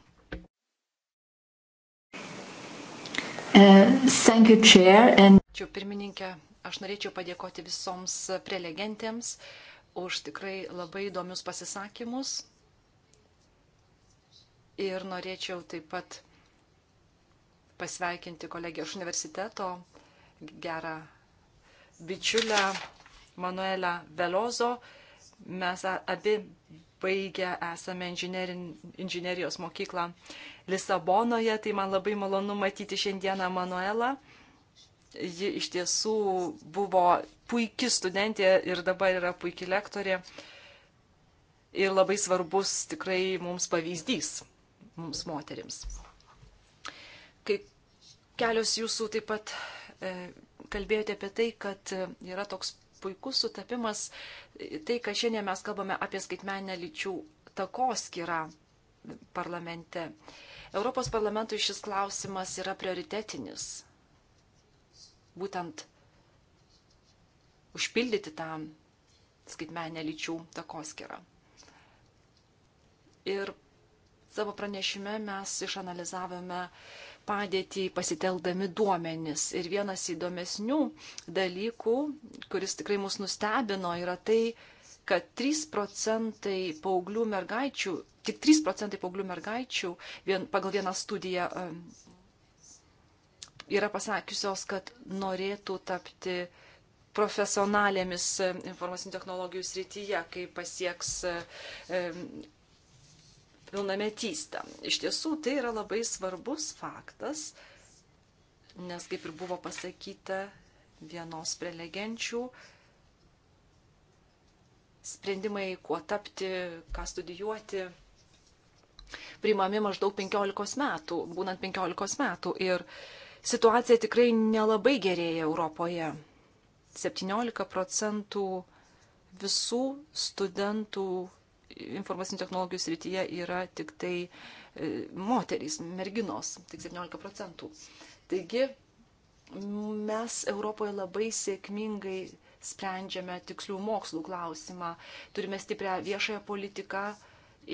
Uh, you, chair, and... Ačiū pirmininkė, aš norėčiau padėkoti visoms prelegentėms už tikrai labai įdomius pasisakymus. Ir norėčiau taip pat pasveikinti kolegiją iš universiteto, gerą bičiulę Manuelę Velozo. Mes abi baigę esame inžinerijos mokyklą Lisabonoje, tai man labai malonu matyti šiandieną Manuelą. Ji iš tiesų buvo puikia studentė ir dabar yra puikia lektorė ir labai svarbus tikrai mums pavyzdys, mums moterims. Kai kelios jūsų taip pat e, kalbėjote apie tai, kad yra toks puikus sutapimas tai, kad šiandien mes kalbame apie skaitmenę lyčių takoskirą parlamente. Europos parlamentui šis klausimas yra prioritetinis. Būtent užpildyti tą skaitmenę lyčių takoskirą. Ir savo pranešime mes išanalizavome uh, padėtį pasiteldami duomenis. Ir vienas įdomesnių dalykų, kuris tikrai mus nustebino, yra tai, kad 3 procentai paauglių mergaičių, tik 3 procentai paauglių mergaičių vien, pagal vieną studiją um, yra pasakiusios, kad norėtų tapti profesionalėmis um, informacinių technologijų srityje, kai pasieks um, pilnametystę. Iš tiesų, tai yra labai svarbus faktas, nes kaip ir buvo pasakyta vienos prelegenčių, sprendimai, kuo tapti, ką studijuoti, priimami maždaug 15 metų, būnant 15 metų. Ir situacija tikrai nelabai gerėja Europoje. 17 procentų visų studentų informacinių technologijų srityje yra tik tai e, moterys, merginos, tik 17 procentų. Taigi mes Europoje labai sėkmingai sprendžiame tikslių mokslų klausimą, turime stiprią viešąją politiką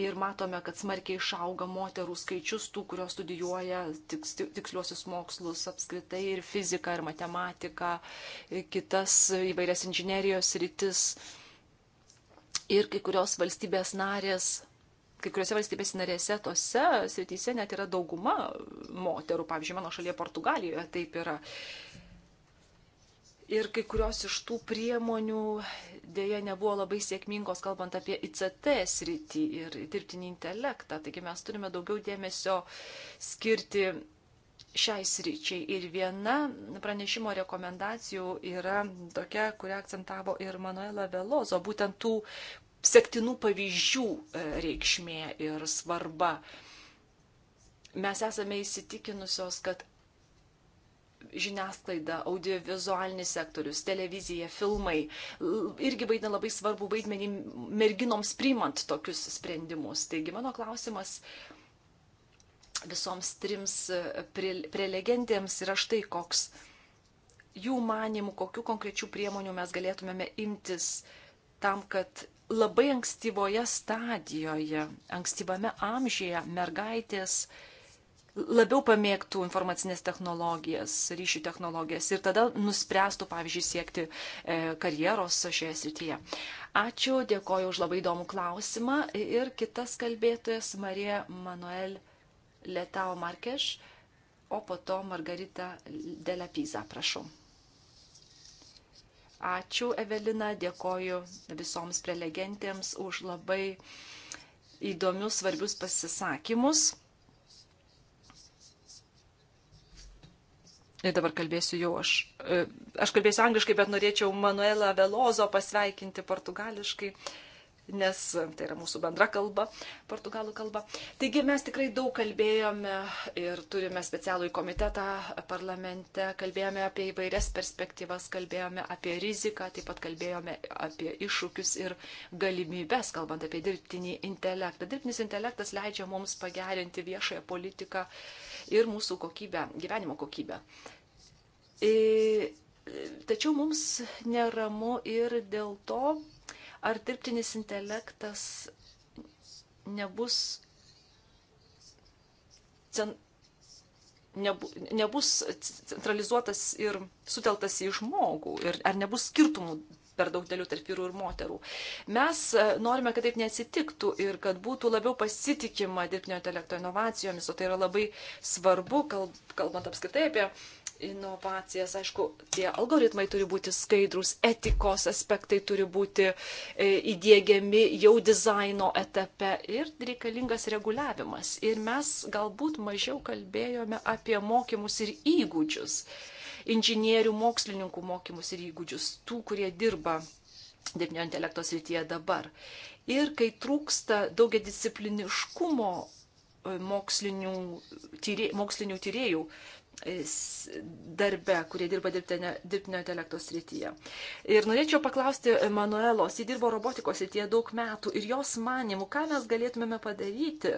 ir matome, kad smarkiai išauga moterų skaičius tų, kurios studijuoja tiks, tiksliuosius mokslus apskritai ir fiziką, ir matematiką, ir kitas įvairias inžinerijos rytis. Ir Ir kai kurios valstybės narės, kai kuriuose valstybės narėse tose srityse net yra dauguma moterų, pavyzdžiui, mano šalyje Portugalijoje taip yra. Ir kai kurios iš tų priemonių dėja nebuvo labai sėkmingos, kalbant apie ICT sritį ir dirbtinį intelektą. Taigi mes turime daugiau dėmesio skirti šiai sričiai. Ir viena pranešimo rekomendacijų yra tokia, kurią akcentavo ir Manuela Velozo, būtent tų sektinų pavyzdžių e, reikšmė ir svarba. Mes esame įsitikinusios, kad žiniasklaida, audiovizualinis sektorius, televizija, filmai irgi vaidina labai svarbu vaidmenį merginoms priimant tokius sprendimus. Taigi mano klausimas, uh, visoms trims e, prelegentėms yra štai koks jų manimų, kokiu konkrečiu priemoniu mes galėtumėme imtis tam, kad labai ankstyvoje stadijoje, ankstyvame amžiuje mergaitės labiau pamėgtų informacinės technologijas, ryšių technologijas ir tada nuspręstų, pavyzdžiui, siekti e, karjeros šioje srityje. Ačiū, dėkoju už labai įdomų klausimą ir kitas kalbėtojas Marija Manuel Letao Markeš, o po to Margarita Delapiza, prašau. Ačiū, Evelina, dėkoju visoms prelegentėms už labai įdomius, svarbius pasisakymus. Ir dabar kalbėsiu jau aš. E, aš kalbėsiu angliškai, bet norėčiau Manuelą Velozo pasveikinti portugališkai. Uh, nes tai yra mūsų bendra kalba, portugalų kalba. Taigi mes tikrai daug kalbėjome ir turime specialų į komitetą parlamente, kalbėjome apie įvairias perspektyvas, kalbėjome apie riziką, taip pat kalbėjome apie iššūkius ir galimybės, kalbant apie dirbtinį intelektą. Dirbtinis intelektas leidžia mums pagerinti viešąją politiką ir mūsų kokybę, gyvenimo kokybę. Ir Tačiau mums neramu ir dėl to, Ar dirbtinis intelektas nebus, cen, nebu, nebus centralizuotas ir suteltas į žmogų ir ar nebus skirtumų per daug dėlių tarp vyrų ir moterų. Mes e, norime, kad taip neatsitiktų ir kad būtų labiau pasitikima dirbtinio intelekto inovacijomis, o tai yra labai svarbu, kalbant apskritai apie inovacijas. Aišku, tie algoritmai turi būti skaidrus, etikos aspektai turi būti e, įdėgiami jau dizaino etape ir reikalingas reguliavimas. Ir mes galbūt mažiau kalbėjome apie mokymus ir įgūdžius, inžinierių, mokslininkų mokymus ir įgūdžius, tų, kurie dirba dirbtinio intelekto srityje dabar. Ir kai trūksta daugia discipliniškumo e, mokslinių, tyrė, mokslinių tyriejų darbe, kurie dirba dirbtinio intelekto srityje. Ir norėčiau paklausti Manuelos, jį dirbo robotikos srityje daug metų ir jos manimų, ką mes galėtumėme padaryti,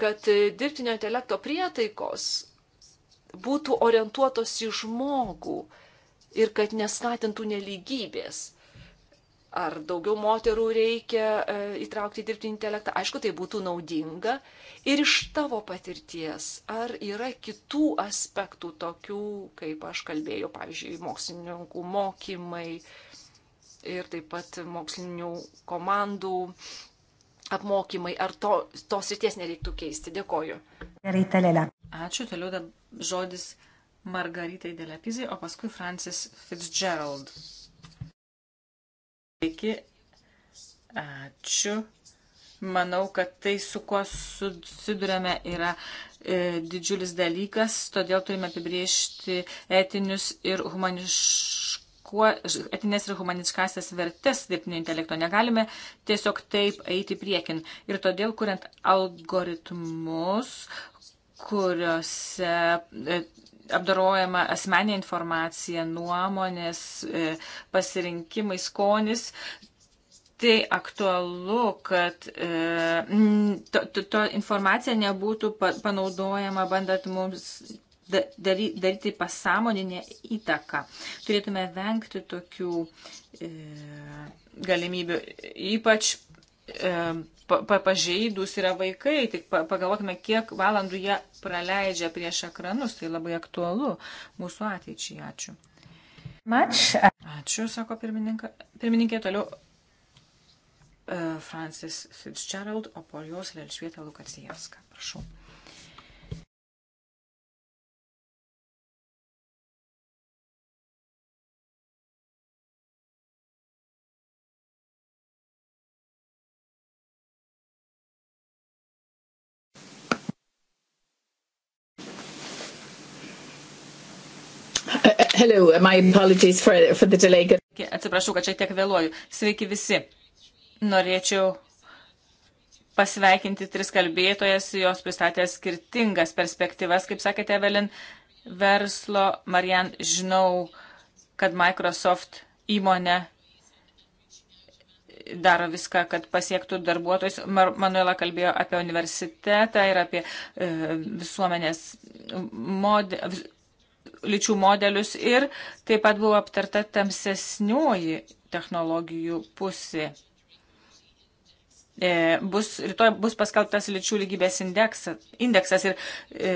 kad dirbtinio intelekto prietaikos būtų orientuotos į žmogų ir kad neskatintų neligybės ar daugiau moterų reikia e, įtraukti į dirbtinį intelektą. Aišku, tai būtų naudinga. Ir iš tavo patirties, ar yra kitų aspektų tokių, kaip aš kalbėjau, pavyzdžiui, mokslininkų mokymai ir taip pat mokslinių komandų apmokymai, ar to, tos ryties nereiktų keisti. Dėkoju. Margarita Lėlė. Ačiū, toliau da, žodis Margaritai Delepizai, o paskui Francis Fitzgerald. Iki. Ačiū. Manau, kad tai, su kuo susidurėme, yra e, didžiulis dalykas, todėl turime apibriežti etinius ir humaniškuo, etinės ir humaniškasias vertes dirbtinio intelekto. Negalime tiesiog taip eiti priekin. Ir todėl, kuriant algoritmus, kuriuose e, apdarojama asmeninė informacija, nuomonės, e, pasirinkimai, skonis. Tai aktualu, kad e, to, to, to informacija nebūtų panaudojama bandant mums daryti pasąmoninę įtaką. Turėtume vengti tokių e, galimybių, ypač E, pa, pažeidus yra vaikai, tik pa, pagalvokime, kiek valandų jie praleidžia prieš ekranus, tai labai aktualu mūsų ateičiai. Ačiū. Much. Ačiū, sako pirmininkė, toliau uh, Francis Fitzgerald, o po jos Lelšvieta Lukacijevska. Prašau. hello, my apologies for, for the delay. Atsiprašau, kad šiek tiek vėluoju. Sveiki visi. Norėčiau pasveikinti tris kalbėtojas, jos pristatė skirtingas perspektyvas, kaip sakėte, Evelin, verslo. Marian, žinau, kad Microsoft įmonė daro viską, kad pasiektų darbuotojus. Manuela kalbėjo apie universitetą ir apie e, visuomenės modelį, lyčių modelius ir taip pat buvo aptarta tamsesnioji technologijų pusė. E, bus, rytoj bus paskelbtas lyčių lygybės indeksa, indeksas ir e,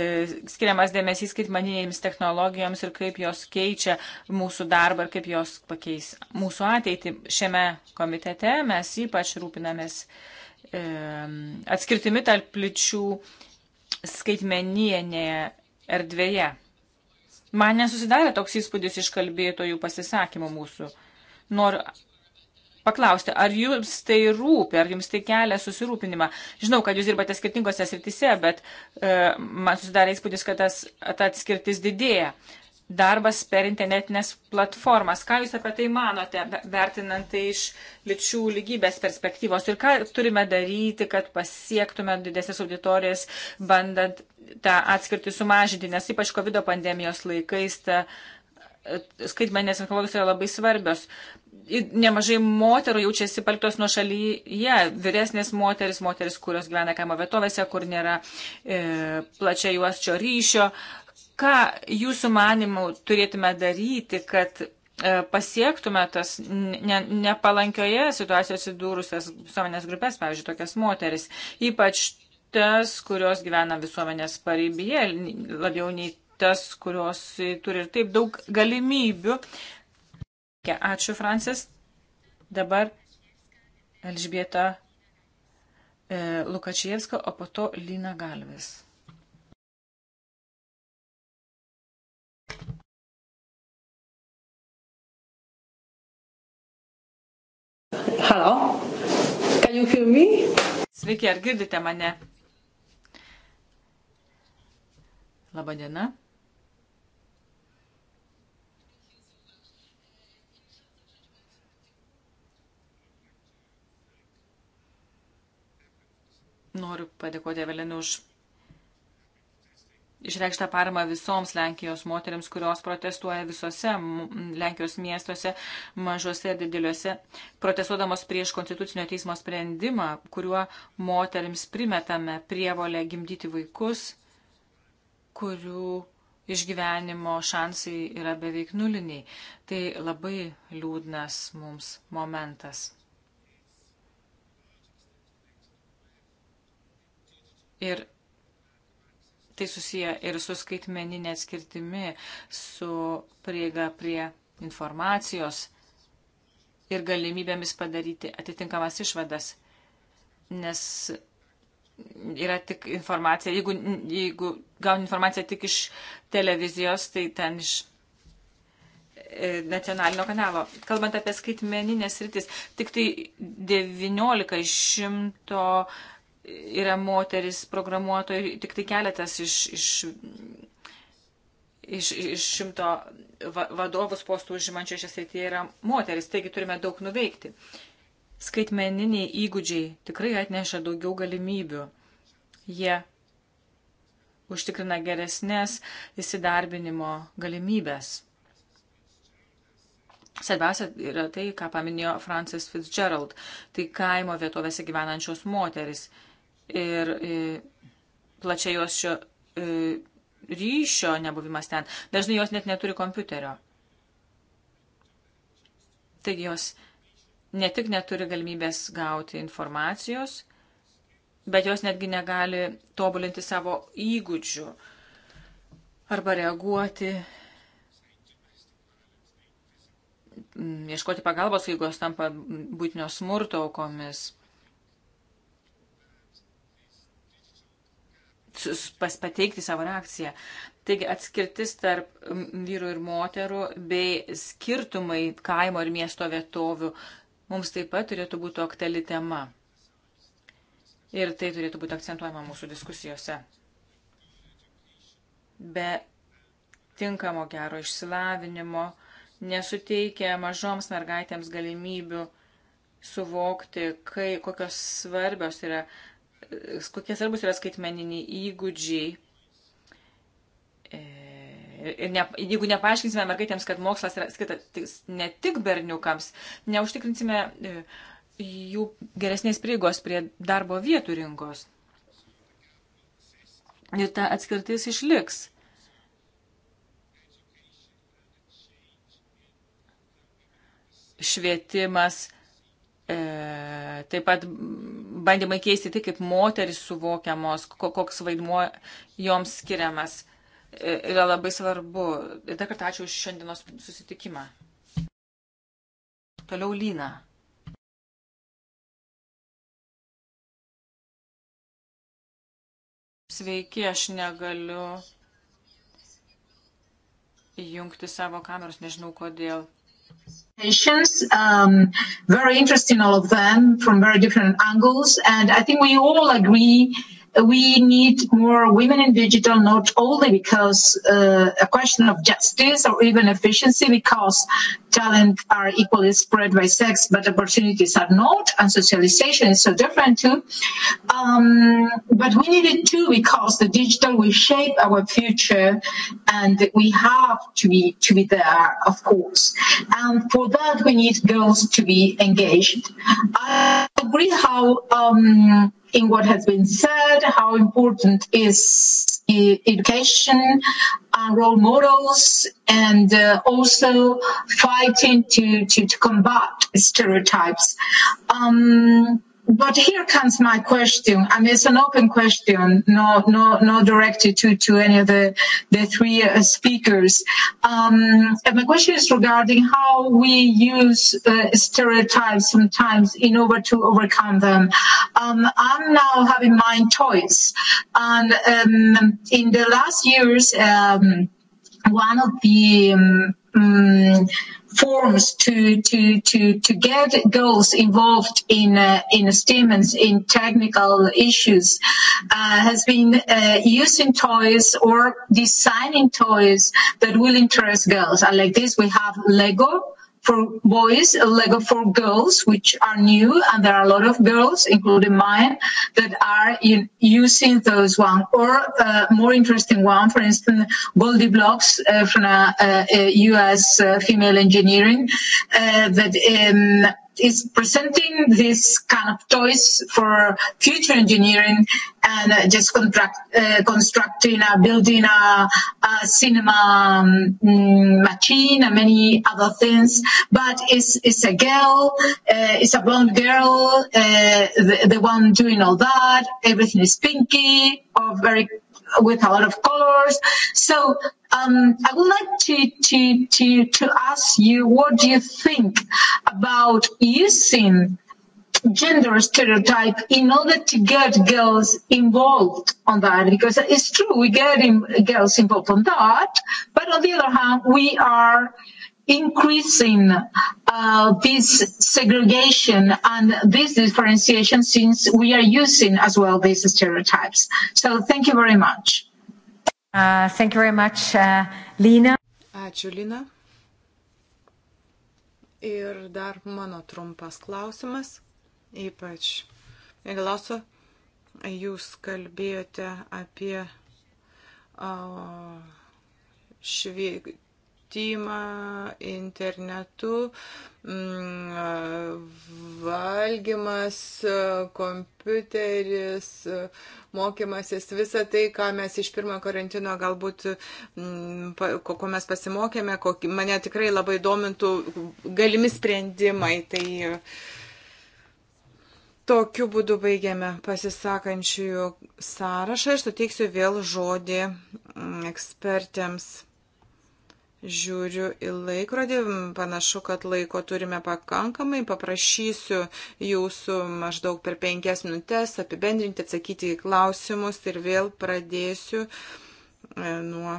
skiriamas dėmesys skaitmaninėms technologijoms ir kaip jos keičia mūsų darbą ir kaip jos pakeis mūsų ateitį. Šiame komitete mes ypač rūpinamės e, atskirtimi tarp lyčių skaitmeninėje erdvėje. Man nesusidarė toks įspūdis iš kalbėtojų pasisakymų mūsų. Noriu paklausti, ar jums tai rūpi, ar jums tai kelia susirūpinimą. Žinau, kad jūs dirbate skirtingose srityse, bet e, man susidarė įspūdis, kad tas, ta atskirtis didėja darbas per internetinės platformas. Ką Jūs apie tai manote, vertinant tai iš lyčių lygybės perspektyvos ir ką turime daryti, kad pasiektume didesnės auditorijas, bandant tą atskirtį sumažinti, nes ypač COVID pandemijos laikais ta e, skaitmenės technologijos yra labai svarbios. Nemažai moterų jaučiasi paliktos nuo šalyje, ja, vyresnės moteris, moteris, kurios gyvena kaimo vietovėse, kur nėra e, plačia juosčio ryšio, Ką jūsų manimų turėtume daryti, kad e, pasiektume tas ne, nepalankioje situacijoje atsidūrusias visuomenės grupės, pavyzdžiui, tokias moteris, ypač tas, kurios gyvena visuomenės paribėje, labiau nei tas, kurios turi ir taip daug galimybių. Ačiū, Francis. Dabar Elžbieta e, Lukačievska, o po to Lina Galvis. Hello. Can you hear me? Sveiki, ar girdite mane? Labadiena. Noriu padėkoti Evelinui už išreikštą paramą visoms Lenkijos moteriams, kurios protestuoja visose Lenkijos miestuose, mažose ir dideliuose, protestuodamos prieš konstitucinio teismo sprendimą, kuriuo moteriams primetame prievolę gimdyti vaikus, kurių išgyvenimo šansai yra beveik nuliniai. Tai labai liūdnas mums momentas. Ir tai susiję ir su skaitmeninė atskirtimi, su prieiga prie informacijos ir galimybėmis padaryti atitinkamas išvadas. Nes yra tik informacija. Jeigu, jeigu gauni informaciją tik iš televizijos, tai ten iš e, nacionalinio kanalo. Kalbant apie skaitmeninės rytis, tik tai 19 iš 100 yra moteris programuotojų, tik tai keletas iš, iš, iš, iš šimto vadovus postų užimančio šią srityje yra moteris, taigi turime daug nuveikti. Skaitmeniniai įgūdžiai tikrai atneša daugiau galimybių. Jie užtikrina geresnės įsidarbinimo galimybės. Svarbiausia yra tai, ką paminėjo Francis Fitzgerald, tai kaimo vietovėse gyvenančios moteris ir e, plačiai jos šio e, ryšio nebuvimas ten. Dažnai jos net neturi kompiuterio. Taigi jos ne tik neturi galimybės gauti informacijos, bet jos netgi negali tobulinti savo įgūdžių arba reaguoti, mm, ieškoti pagalbos, jeigu jos tampa būtinio smurto aukomis. pas pateikti savo reakciją. Taigi atskirtis tarp vyrų ir moterų bei skirtumai kaimo ir miesto vietovių mums taip pat turėtų būti aktuali tema. Ir tai turėtų būti akcentuojama mūsų diskusijose. Be tinkamo gero išsilavinimo nesuteikia mažoms mergaitėms galimybių suvokti, kai, kokios svarbios yra uh, kokie svarbus yra skaitmeniniai įgūdžiai. E, ir ne, jeigu nepaaiškinsime mergaitėms, kad mokslas yra skirtas ne tik berniukams, neužtikrinsime e, jų geresnės prieigos prie darbo vietų rinkos. Ir ta atskirtis išliks. Švietimas E, taip pat bandymai keisti tai, kaip moteris suvokiamos, koks vaidmuo joms skiriamas, e, yra labai svarbu. Ir dar kartą ačiū už šiandienos susitikimą. Toliau Lyna. Sveiki, aš negaliu įjungti savo kameros, nežinau kodėl presentations. Um, very interesting, all of them, from very different angles. And I think we all agree we need more women in digital, not only because uh, a question of justice or even efficiency, because talent are equally spread by sex, but opportunities are not, and socialization is so different too. Um, but we need it too because the digital will shape our future, and we have to be to be there, of course. And for that, we need girls to be engaged. I agree how. Um, in what has been said, how important is education, uh, role models, and uh, also fighting to, to, to combat stereotypes. Um, but here comes my question, and it's an open question, no, no, no directed to, to any of the, the three uh, speakers. Um, and my question is regarding how we use uh, stereotypes sometimes in order to overcome them. Um, I'm now having mine toys, and um, in the last years, um, one of the um, um, forms to to to to get girls involved in uh, in STEM and in technical issues uh, has been uh, using toys or designing toys that will interest girls. And like this, we have Lego for boys, a Lego for girls, which are new, and there are a lot of girls, including mine, that are in, using those one. Or uh, more interesting one, for instance, Goldie Blocks uh, from a, a, a U.S. Uh, female engineering uh, that. Um, is presenting this kind of toys for future engineering and uh, just contract, uh, constructing, uh, building a, a cinema um, machine and many other things. But it's, it's a girl, uh, it's a blonde girl, uh, the, the one doing all that. Everything is pinky or very with a lot of colors. So um, I would like to, to, to, to ask you, what do you think about using gender stereotype in order to get girls involved on that because it's true we get in, girls involved on that but on the other hand we are uh, increasing uh, this segregation and this differentiation since we are using as well these stereotypes. So thank you very much. Uh, thank you very much, uh, Lina. Ačiū, Lina. Ir dar mano trumpas klausimas, ypač, Eglaso, jūs kalbėjote apie uh, švie, švietimą internetu, mm, valgymas, kompiuteris, mokymasis, visa tai, ką mes iš pirmo karantino galbūt, mm, ko mes pasimokėme, kokį, mane tikrai labai domintų galimi sprendimai. Tai, Tokiu būdu baigiame pasisakančiųjų sąrašą ir suteiksiu vėl žodį mm, ekspertėms. Žiūriu į laikrodį, panašu, kad laiko turime pakankamai, paprašysiu jūsų maždaug per penkias minutės apibendrinti, atsakyti į klausimus ir vėl pradėsiu e, nuo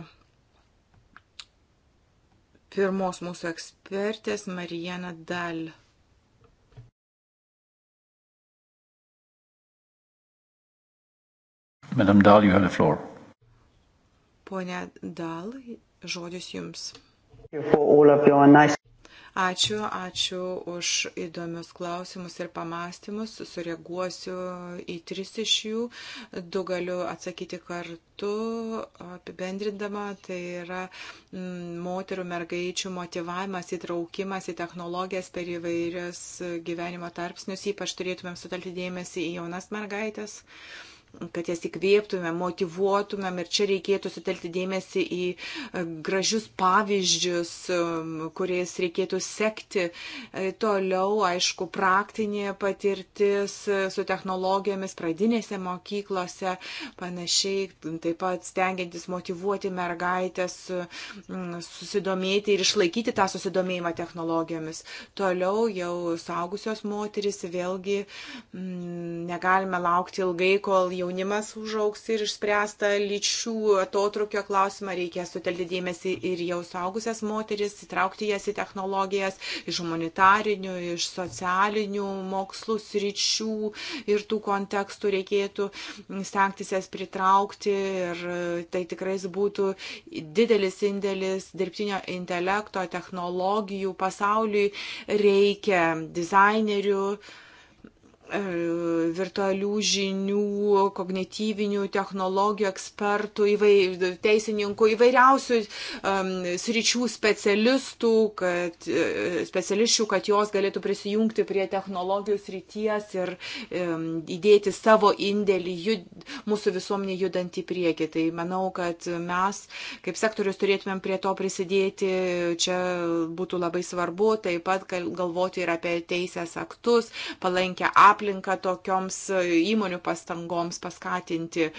pirmos mūsų ekspertės Marijana Dal. Madame Dal, you have the floor. Ponia Dal, žodis jums. Ačiū, ačiū už įdomius klausimus ir pamastymus. Sureaguosiu į tris iš jų. Du galiu atsakyti kartu, apibendrindama. Tai yra mm, moterų mergaičių motivavimas, įtraukimas į technologijas per įvairius gyvenimo tarpsnius. Ypač turėtumėm sutelkti dėmesį į jaunas mergaitės kad jas įkvėptumėm, motivuotumėm ir čia reikėtų sutelkti dėmesį į e, gražius pavyzdžius, um, kuriais reikėtų sekti. E, toliau, aišku, praktinė patirtis e, su technologijomis pradinėse mokyklose, panašiai, taip pat stengiantis motivuoti mergaitės susidomėti ir išlaikyti tą susidomėjimą technologijomis. Toliau jau saugusios moteris, vėlgi m, negalime laukti ilgai, kol jie jaunimas užauks ir išspręsta lyčių atotrukio klausimą, reikia sutelkti dėmesį ir jau suaugusias moteris, įtraukti jas į technologijas, iš humanitarinių, iš socialinių mokslų sričių ir tų kontekstų reikėtų stengtis jas pritraukti ir tai tikrai būtų didelis indėlis dirbtinio intelekto, technologijų pasauliui reikia dizainerių E, virtualių žinių, kognityvinių technologijų ekspertų, įvai, teisininkų, įvairiausių um, sričių specialistų, kad, e, specialistų, kad jos galėtų prisijungti prie technologijų srities ir um, įdėti savo indėlį jud, mūsų visuomenė judant į priekį. Tai manau, kad mes kaip sektorius turėtumėm prie to prisidėti, čia būtų labai svarbu taip pat galvoti ir apie teisės aktus, palankę aplinką aplinką tokioms įmonių pastangoms paskatinti.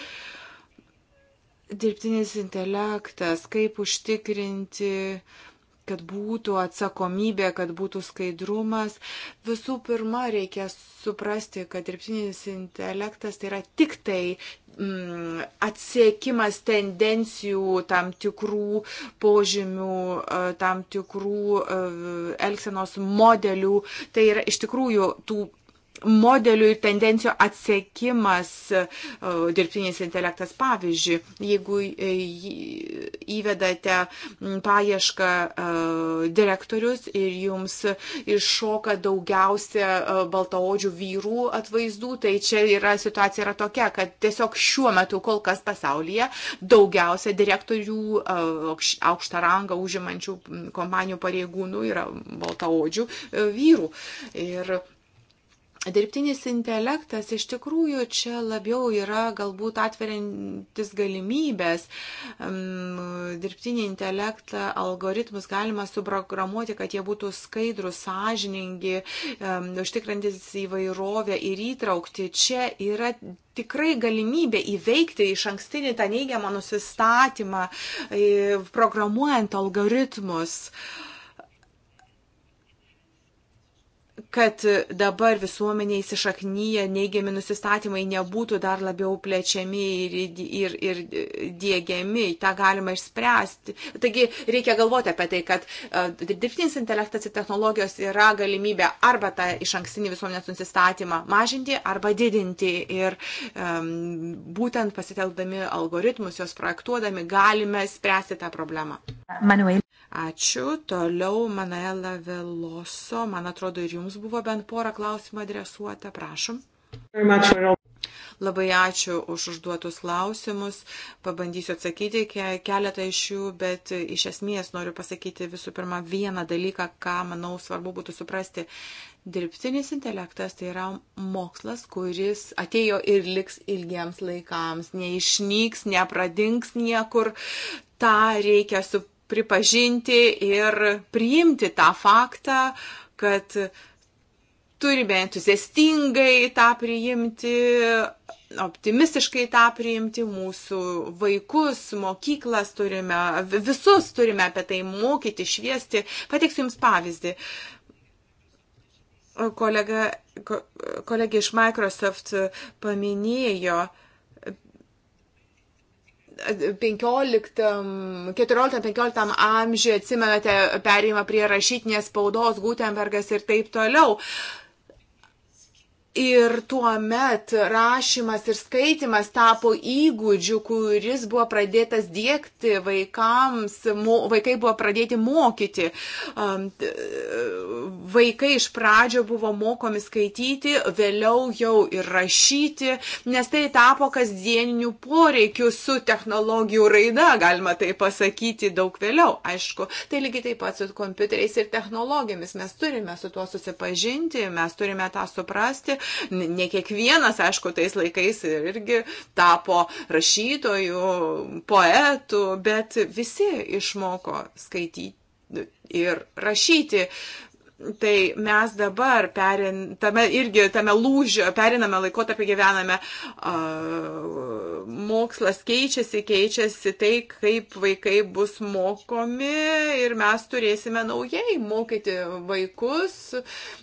Dirbtinis intelektas, kaip užtikrinti kad būtų atsakomybė, kad būtų skaidrumas. Visų pirma, reikia suprasti, kad dirbtinis intelektas tai yra tik tai mm, atsiekimas tendencijų, tam tikrų požymių, e, tam tikrų e, elgsenos modelių. Tai yra iš tikrųjų tų modelių ir tendencijų atsiekimas e, dirbtinis intelektas. Pavyzdžiui, jeigu e, įvedate paiešką e, direktorius ir jums iššoka daugiausia baltaodžių vyrų atvaizdų, tai čia yra situacija yra tokia, kad tiesiog šiuo metu kol kas pasaulyje daugiausia direktorių aukštą rangą užimančių kompanijų pareigūnų yra baltaodžių vyrų. Ir Dirbtinis intelektas iš tikrųjų čia labiau yra galbūt atveriantis galimybės. Dirbtinį intelektą algoritmus galima suprogramuoti, kad jie būtų skaidrus, sąžiningi, užtikrantis įvairovę ir įtraukti. Čia yra tikrai galimybė įveikti iš ankstinį tą neigiamą nusistatymą, programuojant algoritmus. Uh, kad dabar visuomenėje įsišaknyje neigiami nusistatymai nebūtų dar labiau plečiami ir, ir, ir dėgiami, tą galima išspręsti. Taigi reikia galvoti apie tai, kad e, dirbtinis intelektas ir technologijos yra galimybė arba tą iš ankstinį visuomenės nusistatymą mažinti arba didinti ir um, būtent pasitelkdami algoritmus, juos projektuodami, galime spręsti tą problemą. Manuel. Ačiū. Toliau Manuela Veloso, man atrodo, ir jums buvo bent porą klausimų adresuota. Prašom. Labai ačiū už užduotus klausimus. Pabandysiu atsakyti keletą iš jų, bet iš esmės noriu pasakyti visų pirma vieną dalyką, ką, manau, svarbu būtų suprasti. Dirbtinis intelektas tai yra mokslas, kuris atėjo ir liks ilgiems laikams, neišnyks, nepradings niekur. Ta reikia suprasti pripažinti ir priimti tą faktą, kad turime entuziastingai tą priimti, optimistiškai tą priimti, mūsų vaikus, mokyklas turime, visus turime apie tai mokyti, šviesti. Pateiksiu Jums pavyzdį. Kolega, ko, kolegė iš Microsoft paminėjo, 14-15 amžiuje, atsimenate, perėjimą prie rašytinės spaudos, Gutenbergas ir taip toliau. Uh, Ir tuo met rašymas ir skaitimas tapo įgūdžiu, kuris buvo pradėtas dėkti vaikams, mo, vaikai buvo pradėti mokyti. Um, vaikai iš pradžio buvo mokomi skaityti, vėliau jau ir rašyti, nes tai tapo kasdieninių poreikių su technologijų raida, galima tai pasakyti daug vėliau. Aišku, tai lygiai taip pat su kompiuteriais ir technologijomis mes turime su tuo susipažinti, mes turime tą suprasti Ne kiekvienas, aišku, tais laikais irgi tapo rašytojų, poetų, bet visi išmoko skaityti ir rašyti. Tai mes dabar perin, tame irgi tame lūžio, periname laikotarpį gyvename, a, mokslas keičiasi, keičiasi tai, kaip vaikai bus mokomi ir mes turėsime naujai mokyti vaikus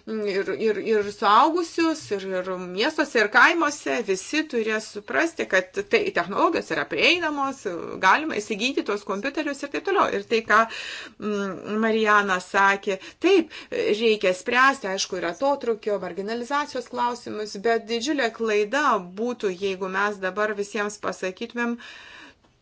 ir, ir, ir suaugusius, ir, ir miestuose, ir kaimuose. Visi turės suprasti, kad tai technologijos yra prieinamos, galima įsigyti tuos kompiuterius ir taip toliau. Ir tai, ką Marijana sakė, taip reikia spręsti, aišku, yra to trukio, marginalizacijos klausimus, bet didžiulė klaida būtų, jeigu mes dabar visiems pasakytumėm, uh,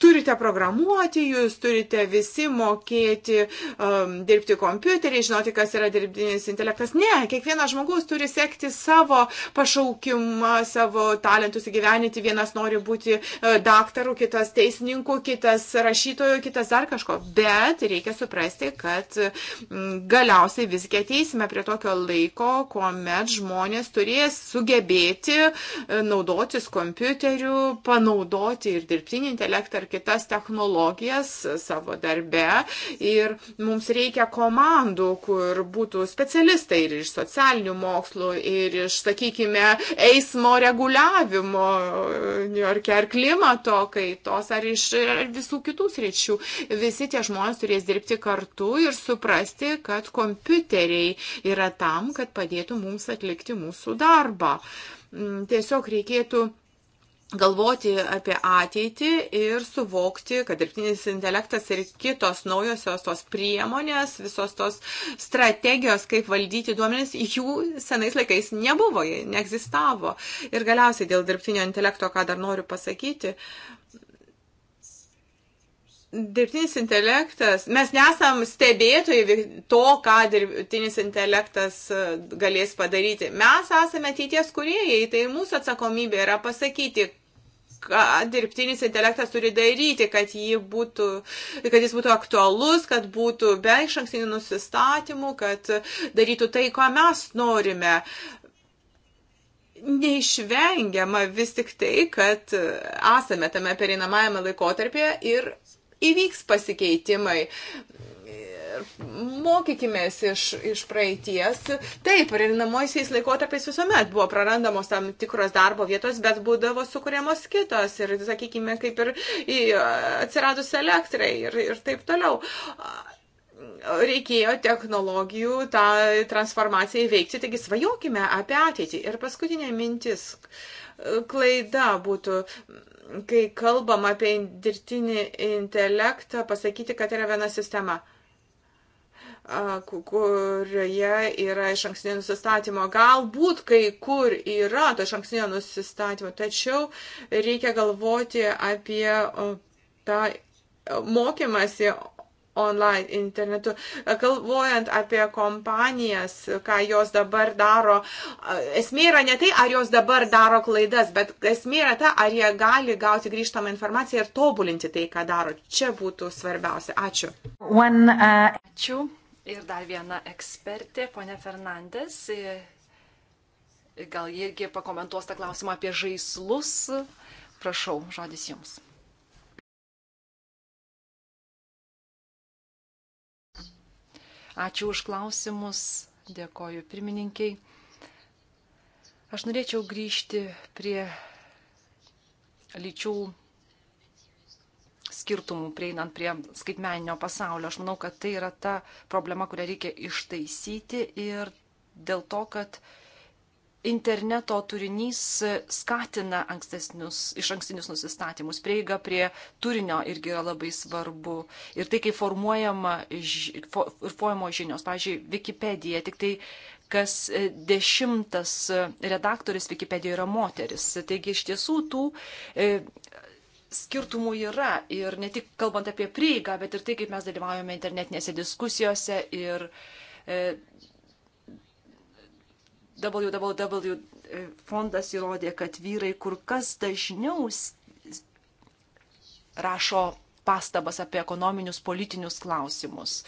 turite programuoti, jūs turite visi mokėti um, dirbti kompiuterį, žinoti, kas yra dirbtinis intelektas. Ne, kiekvienas žmogus turi sekti savo pašaukimą, savo talentus įgyveninti. Vienas nori būti uh, daktaru, kitas teisininku, kitas rašytoju, kitas dar kažko. Bet reikia suprasti, kad mm, galiausiai visgi ateisime prie tokio laiko, kuomet žmonės turės sugebėti uh, naudotis kompiuteriu, panaudoti ir dirbtinį intelektą per kitas technologijas savo darbe ir mums reikia komandų, kur būtų specialistai ir iš socialinių mokslų, ir iš, sakykime, eismo reguliavimo, Niujorke ar klimato kaitos, ar iš visų kitų sričių. Visi tie žmonės turės dirbti kartu ir suprasti, kad kompiuteriai yra tam, kad padėtų mums atlikti mūsų darbą. Mm, tiesiog reikėtų galvoti apie ateitį ir suvokti, kad dirbtinis intelektas ir kitos naujosios tos priemonės, visos tos strategijos, kaip valdyti duomenis, jų senais laikais nebuvo, jie neegzistavo. Ir galiausiai dėl dirbtinio intelekto, ką dar noriu pasakyti, dirbtinis intelektas, mes nesam stebėtojai to, ką dirbtinis intelektas e, galės padaryti. Mes esame ateities kuriejai, tai mūsų atsakomybė yra pasakyti, ką dirbtinis intelektas turi daryti, kad, būtų, kad jis būtų aktualus, kad būtų be iš ankstinių nusistatymų, kad darytų tai, ko mes norime neišvengiama vis tik tai, kad esame tame pereinamajame laikotarpėje ir įvyks pasikeitimai mokykimės iš, iš praeities. Taip, perinamoisiais laikotarpiais visuomet buvo prarandamos tam tikros darbo vietos, bet būdavo sukūriamos kitos ir, sakykime, kaip ir atsiradus elektrai ir, ir taip toliau reikėjo technologijų tą transformaciją įveikti, taigi svajokime apie ateitį. Ir paskutinė mintis, klaida būtų, kai kalbam apie dirbtinį intelektą, pasakyti, kad yra viena sistema kurioje yra iš ankstinio nusistatymo. Galbūt kai kur yra to iš ankstinio nusistatymo, tačiau reikia galvoti apie tą mokymasi online internetu. Galvojant apie kompanijas, ką jos dabar daro, esmė yra ne tai, ar jos dabar daro klaidas, bet esmė yra ta, ar jie gali gauti grįžtamą informaciją ir tobulinti tai, ką daro. Čia būtų svarbiausia. Ačiū. One, uh... Ačiū. Ir dar viena ekspertė, ponė Fernandės. Gal irgi pakomentuos tą klausimą apie žaislus. Prašau, žodis jums. Ačiū už klausimus, dėkoju pirmininkiai. Aš norėčiau grįžti prie lyčių skirtumų prieinant prie skaitmeninio pasaulio. Aš manau, kad tai yra ta problema, kurią reikia ištaisyti ir dėl to, kad interneto turinys skatina ankstesnius, iš ankstinius nusistatymus. Prieiga prie turinio irgi yra labai svarbu. Ir tai, kai formuojama ir formuojamo žinios, pavyzdžiui, Wikipedija, tik tai kas dešimtas redaktorius Wikipedijoje yra moteris. Taigi iš tiesų tų e, skirtumų yra ir ne tik kalbant apie prieigą, bet ir tai, kaip mes dalyvaujame internetinėse diskusijose ir e, WWW e, fondas įrodė, kad vyrai kur kas dažniau rašo pastabas apie ekonominius, politinius klausimus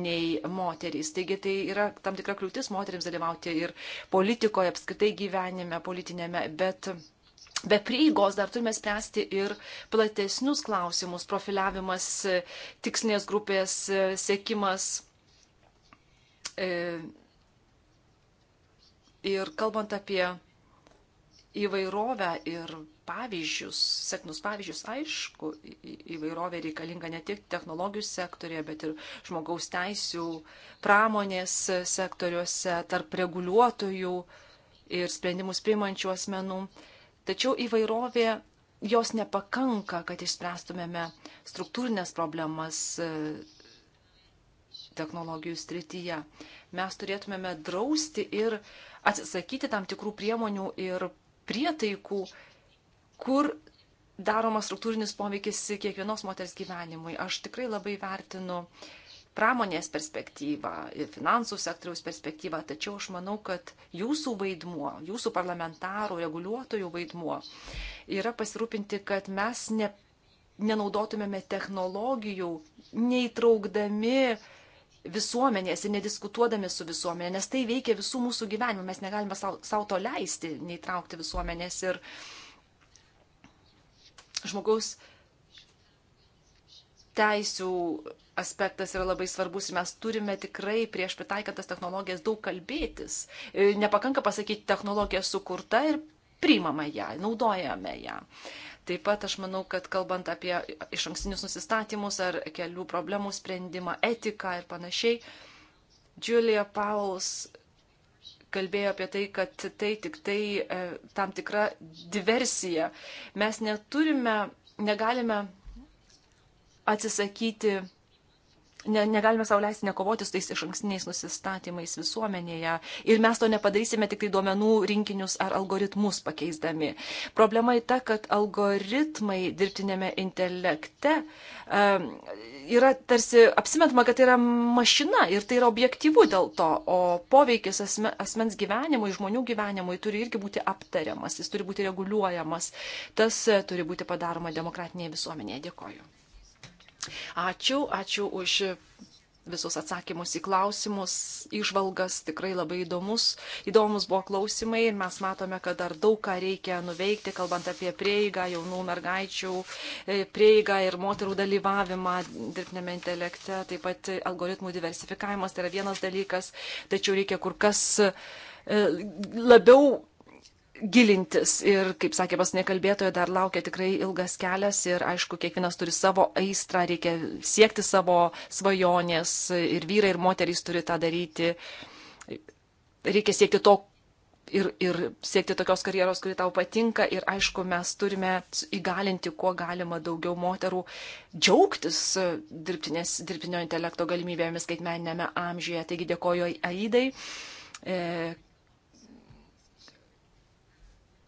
nei moterys. Taigi tai yra tam tikra kliūtis moteriams dalyvauti ir politikoje, apskritai gyvenime, politinėme, bet Be prieigos dar turime spręsti ir platesnius klausimus - profiliavimas, e, tikslinės grupės, e, sėkimas. E, ir kalbant apie įvairovę ir pavyzdžius, seknus pavyzdžius, aišku, įvairovė reikalinga ne tik technologijų sektorėje, bet ir žmogaus teisų, pramonės sektoriuose, tarp reguliuotojų ir sprendimus priimančių asmenų. Tačiau įvairovė jos nepakanka, kad išspręstumėme struktūrinės problemas e, technologijų srityje. Mes turėtumėme drausti ir atsisakyti tam tikrų priemonių ir prietaikų, kur daromas struktūrinis poveikis kiekvienos moters gyvenimui. Aš tikrai labai vertinu uh, pramonės perspektyvą ir finansų sektoriaus perspektyvą, tačiau aš manau, kad jūsų vaidmuo, jūsų parlamentarų, reguliuotojų vaidmuo yra pasirūpinti, kad mes ne, nenaudotumėme technologijų, neįtraukdami visuomenės ir nediskutuodami su visuomenė, nes tai veikia visų mūsų gyvenimą, mes negalime savo to leisti, neįtraukti visuomenės ir žmogaus teisių aspektas yra labai svarbus ir mes turime tikrai prieš pritaikant tas technologijas daug kalbėtis. E, nepakanka pasakyti, technologija sukurta ir priimame ją, naudojame ją. Taip pat aš manau, kad kalbant apie iš ankstinius nusistatymus ar kelių problemų sprendimą, etiką ir panašiai, Julia Pauls kalbėjo apie tai, kad tai tik tai e, tam tikra diversija. Mes neturime, negalime atsisakyti, ne, negalime savo leisti nekovoti su tais iš ankstiniais nusistatymais visuomenėje. Ir mes to nepadarysime tik tai duomenų rinkinius ar algoritmus pakeisdami. Problema į ta, kad algoritmai dirbtinėme intelekte um, yra tarsi apsimetama, kad tai yra mašina ir tai yra objektyvu dėl to, o poveikis asme, asmens gyvenimui, žmonių gyvenimui turi irgi būti aptariamas, jis turi būti reguliuojamas. Tas e, turi būti padaroma demokratinėje visuomenėje. Dėkoju. Ačiū, ačiū už visus atsakymus į klausimus, išvalgas, tikrai labai įdomus. Įdomus buvo klausimai ir mes matome, kad dar daug ką reikia nuveikti, kalbant apie prieigą, jaunų mergaičių e, prieigą ir moterų dalyvavimą dirbtinėme intelekte. Taip pat algoritmų diversifikavimas tai yra vienas dalykas, tačiau reikia kur kas e, labiau gilintis. Ir, kaip sakė pasinė kalbėtoja, dar laukia tikrai ilgas kelias ir, aišku, kiekvienas turi savo aistrą, reikia siekti savo svajonės ir vyrai, ir moterys turi tą daryti. Reikia siekti to ir, ir siekti tokios karjeros, kuri tau patinka. Ir, aišku, mes turime įgalinti, kuo galima daugiau moterų džiaugtis dirbtinio intelekto galimybėmis skaitmeninėme amžiuje. Taigi dėkoju Aidai e,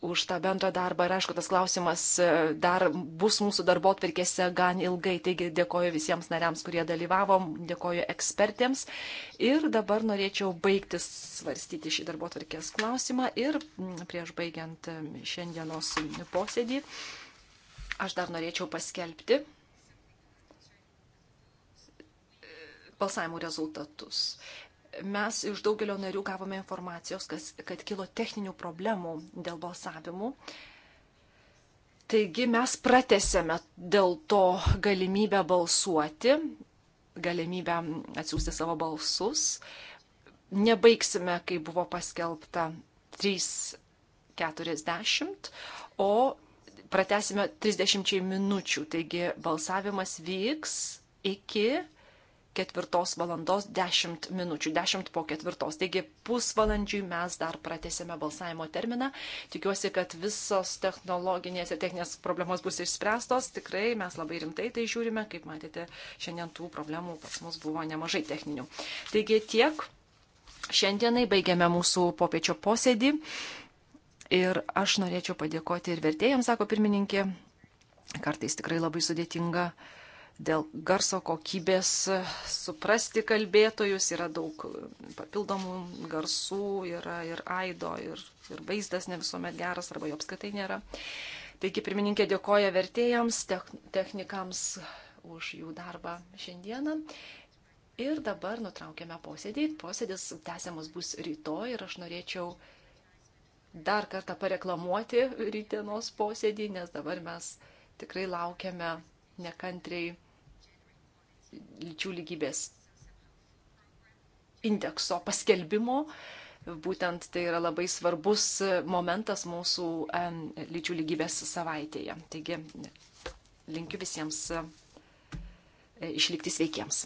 už tą bendrą darbą. Ir aišku, tas klausimas e, dar bus mūsų darbo atvirkėse gan ilgai. Taigi dėkoju visiems nariams, kurie dalyvavo, dėkoju ekspertėms. Ir dabar norėčiau baigti svarstyti šį darbo atvirkės klausimą. Ir prieš baigiant šiandienos posėdį, aš dar norėčiau paskelbti e, balsavimo rezultatus mes iš daugelio narių gavome informacijos, kas, kad kilo techninių problemų dėl balsavimų. Taigi mes pratesėme dėl to galimybę balsuoti, galimybę atsiųsti savo balsus. Nebaigsime, kai buvo paskelbta 3.40, o pratesime 30 minučių. Taigi balsavimas vyks iki ketvirtos valandos 10 minučių, 10 po ketvirtos. Taigi pusvalandžiui mes dar pratesėme balsavimo terminą. Tikiuosi, kad visos technologinės ir techninės problemos bus išspręstos. Tikrai mes labai rimtai tai žiūrime. Kaip matėte, šiandien tų problemų pas mus buvo nemažai techninių. Taigi tiek. Šiandienai baigiame mūsų popiečio posėdį. Ir aš norėčiau padėkoti ir vertėjams, sako pirmininkė. Kartais tikrai labai sudėtinga uh, dėl garso kokybės suprasti kalbėtojus, yra daug papildomų garsų, yra ir aido, ir, ir vaizdas ne visuomet geras, arba jo apskaitai nėra. Taigi pirmininkė dėkoja vertėjams, technikams už jų darbą šiandieną. Ir dabar nutraukėme posėdį. Posėdis tęsiamas bus rytoj ir aš norėčiau dar kartą pareklamuoti rytdienos posėdį, nes dabar mes tikrai laukiame nekantriai lyčių lygybės indekso paskelbimo. Būtent tai yra labai svarbus momentas mūsų lyčių lygybės savaitėje. Taigi linkiu visiems e, išlikti sveikiems.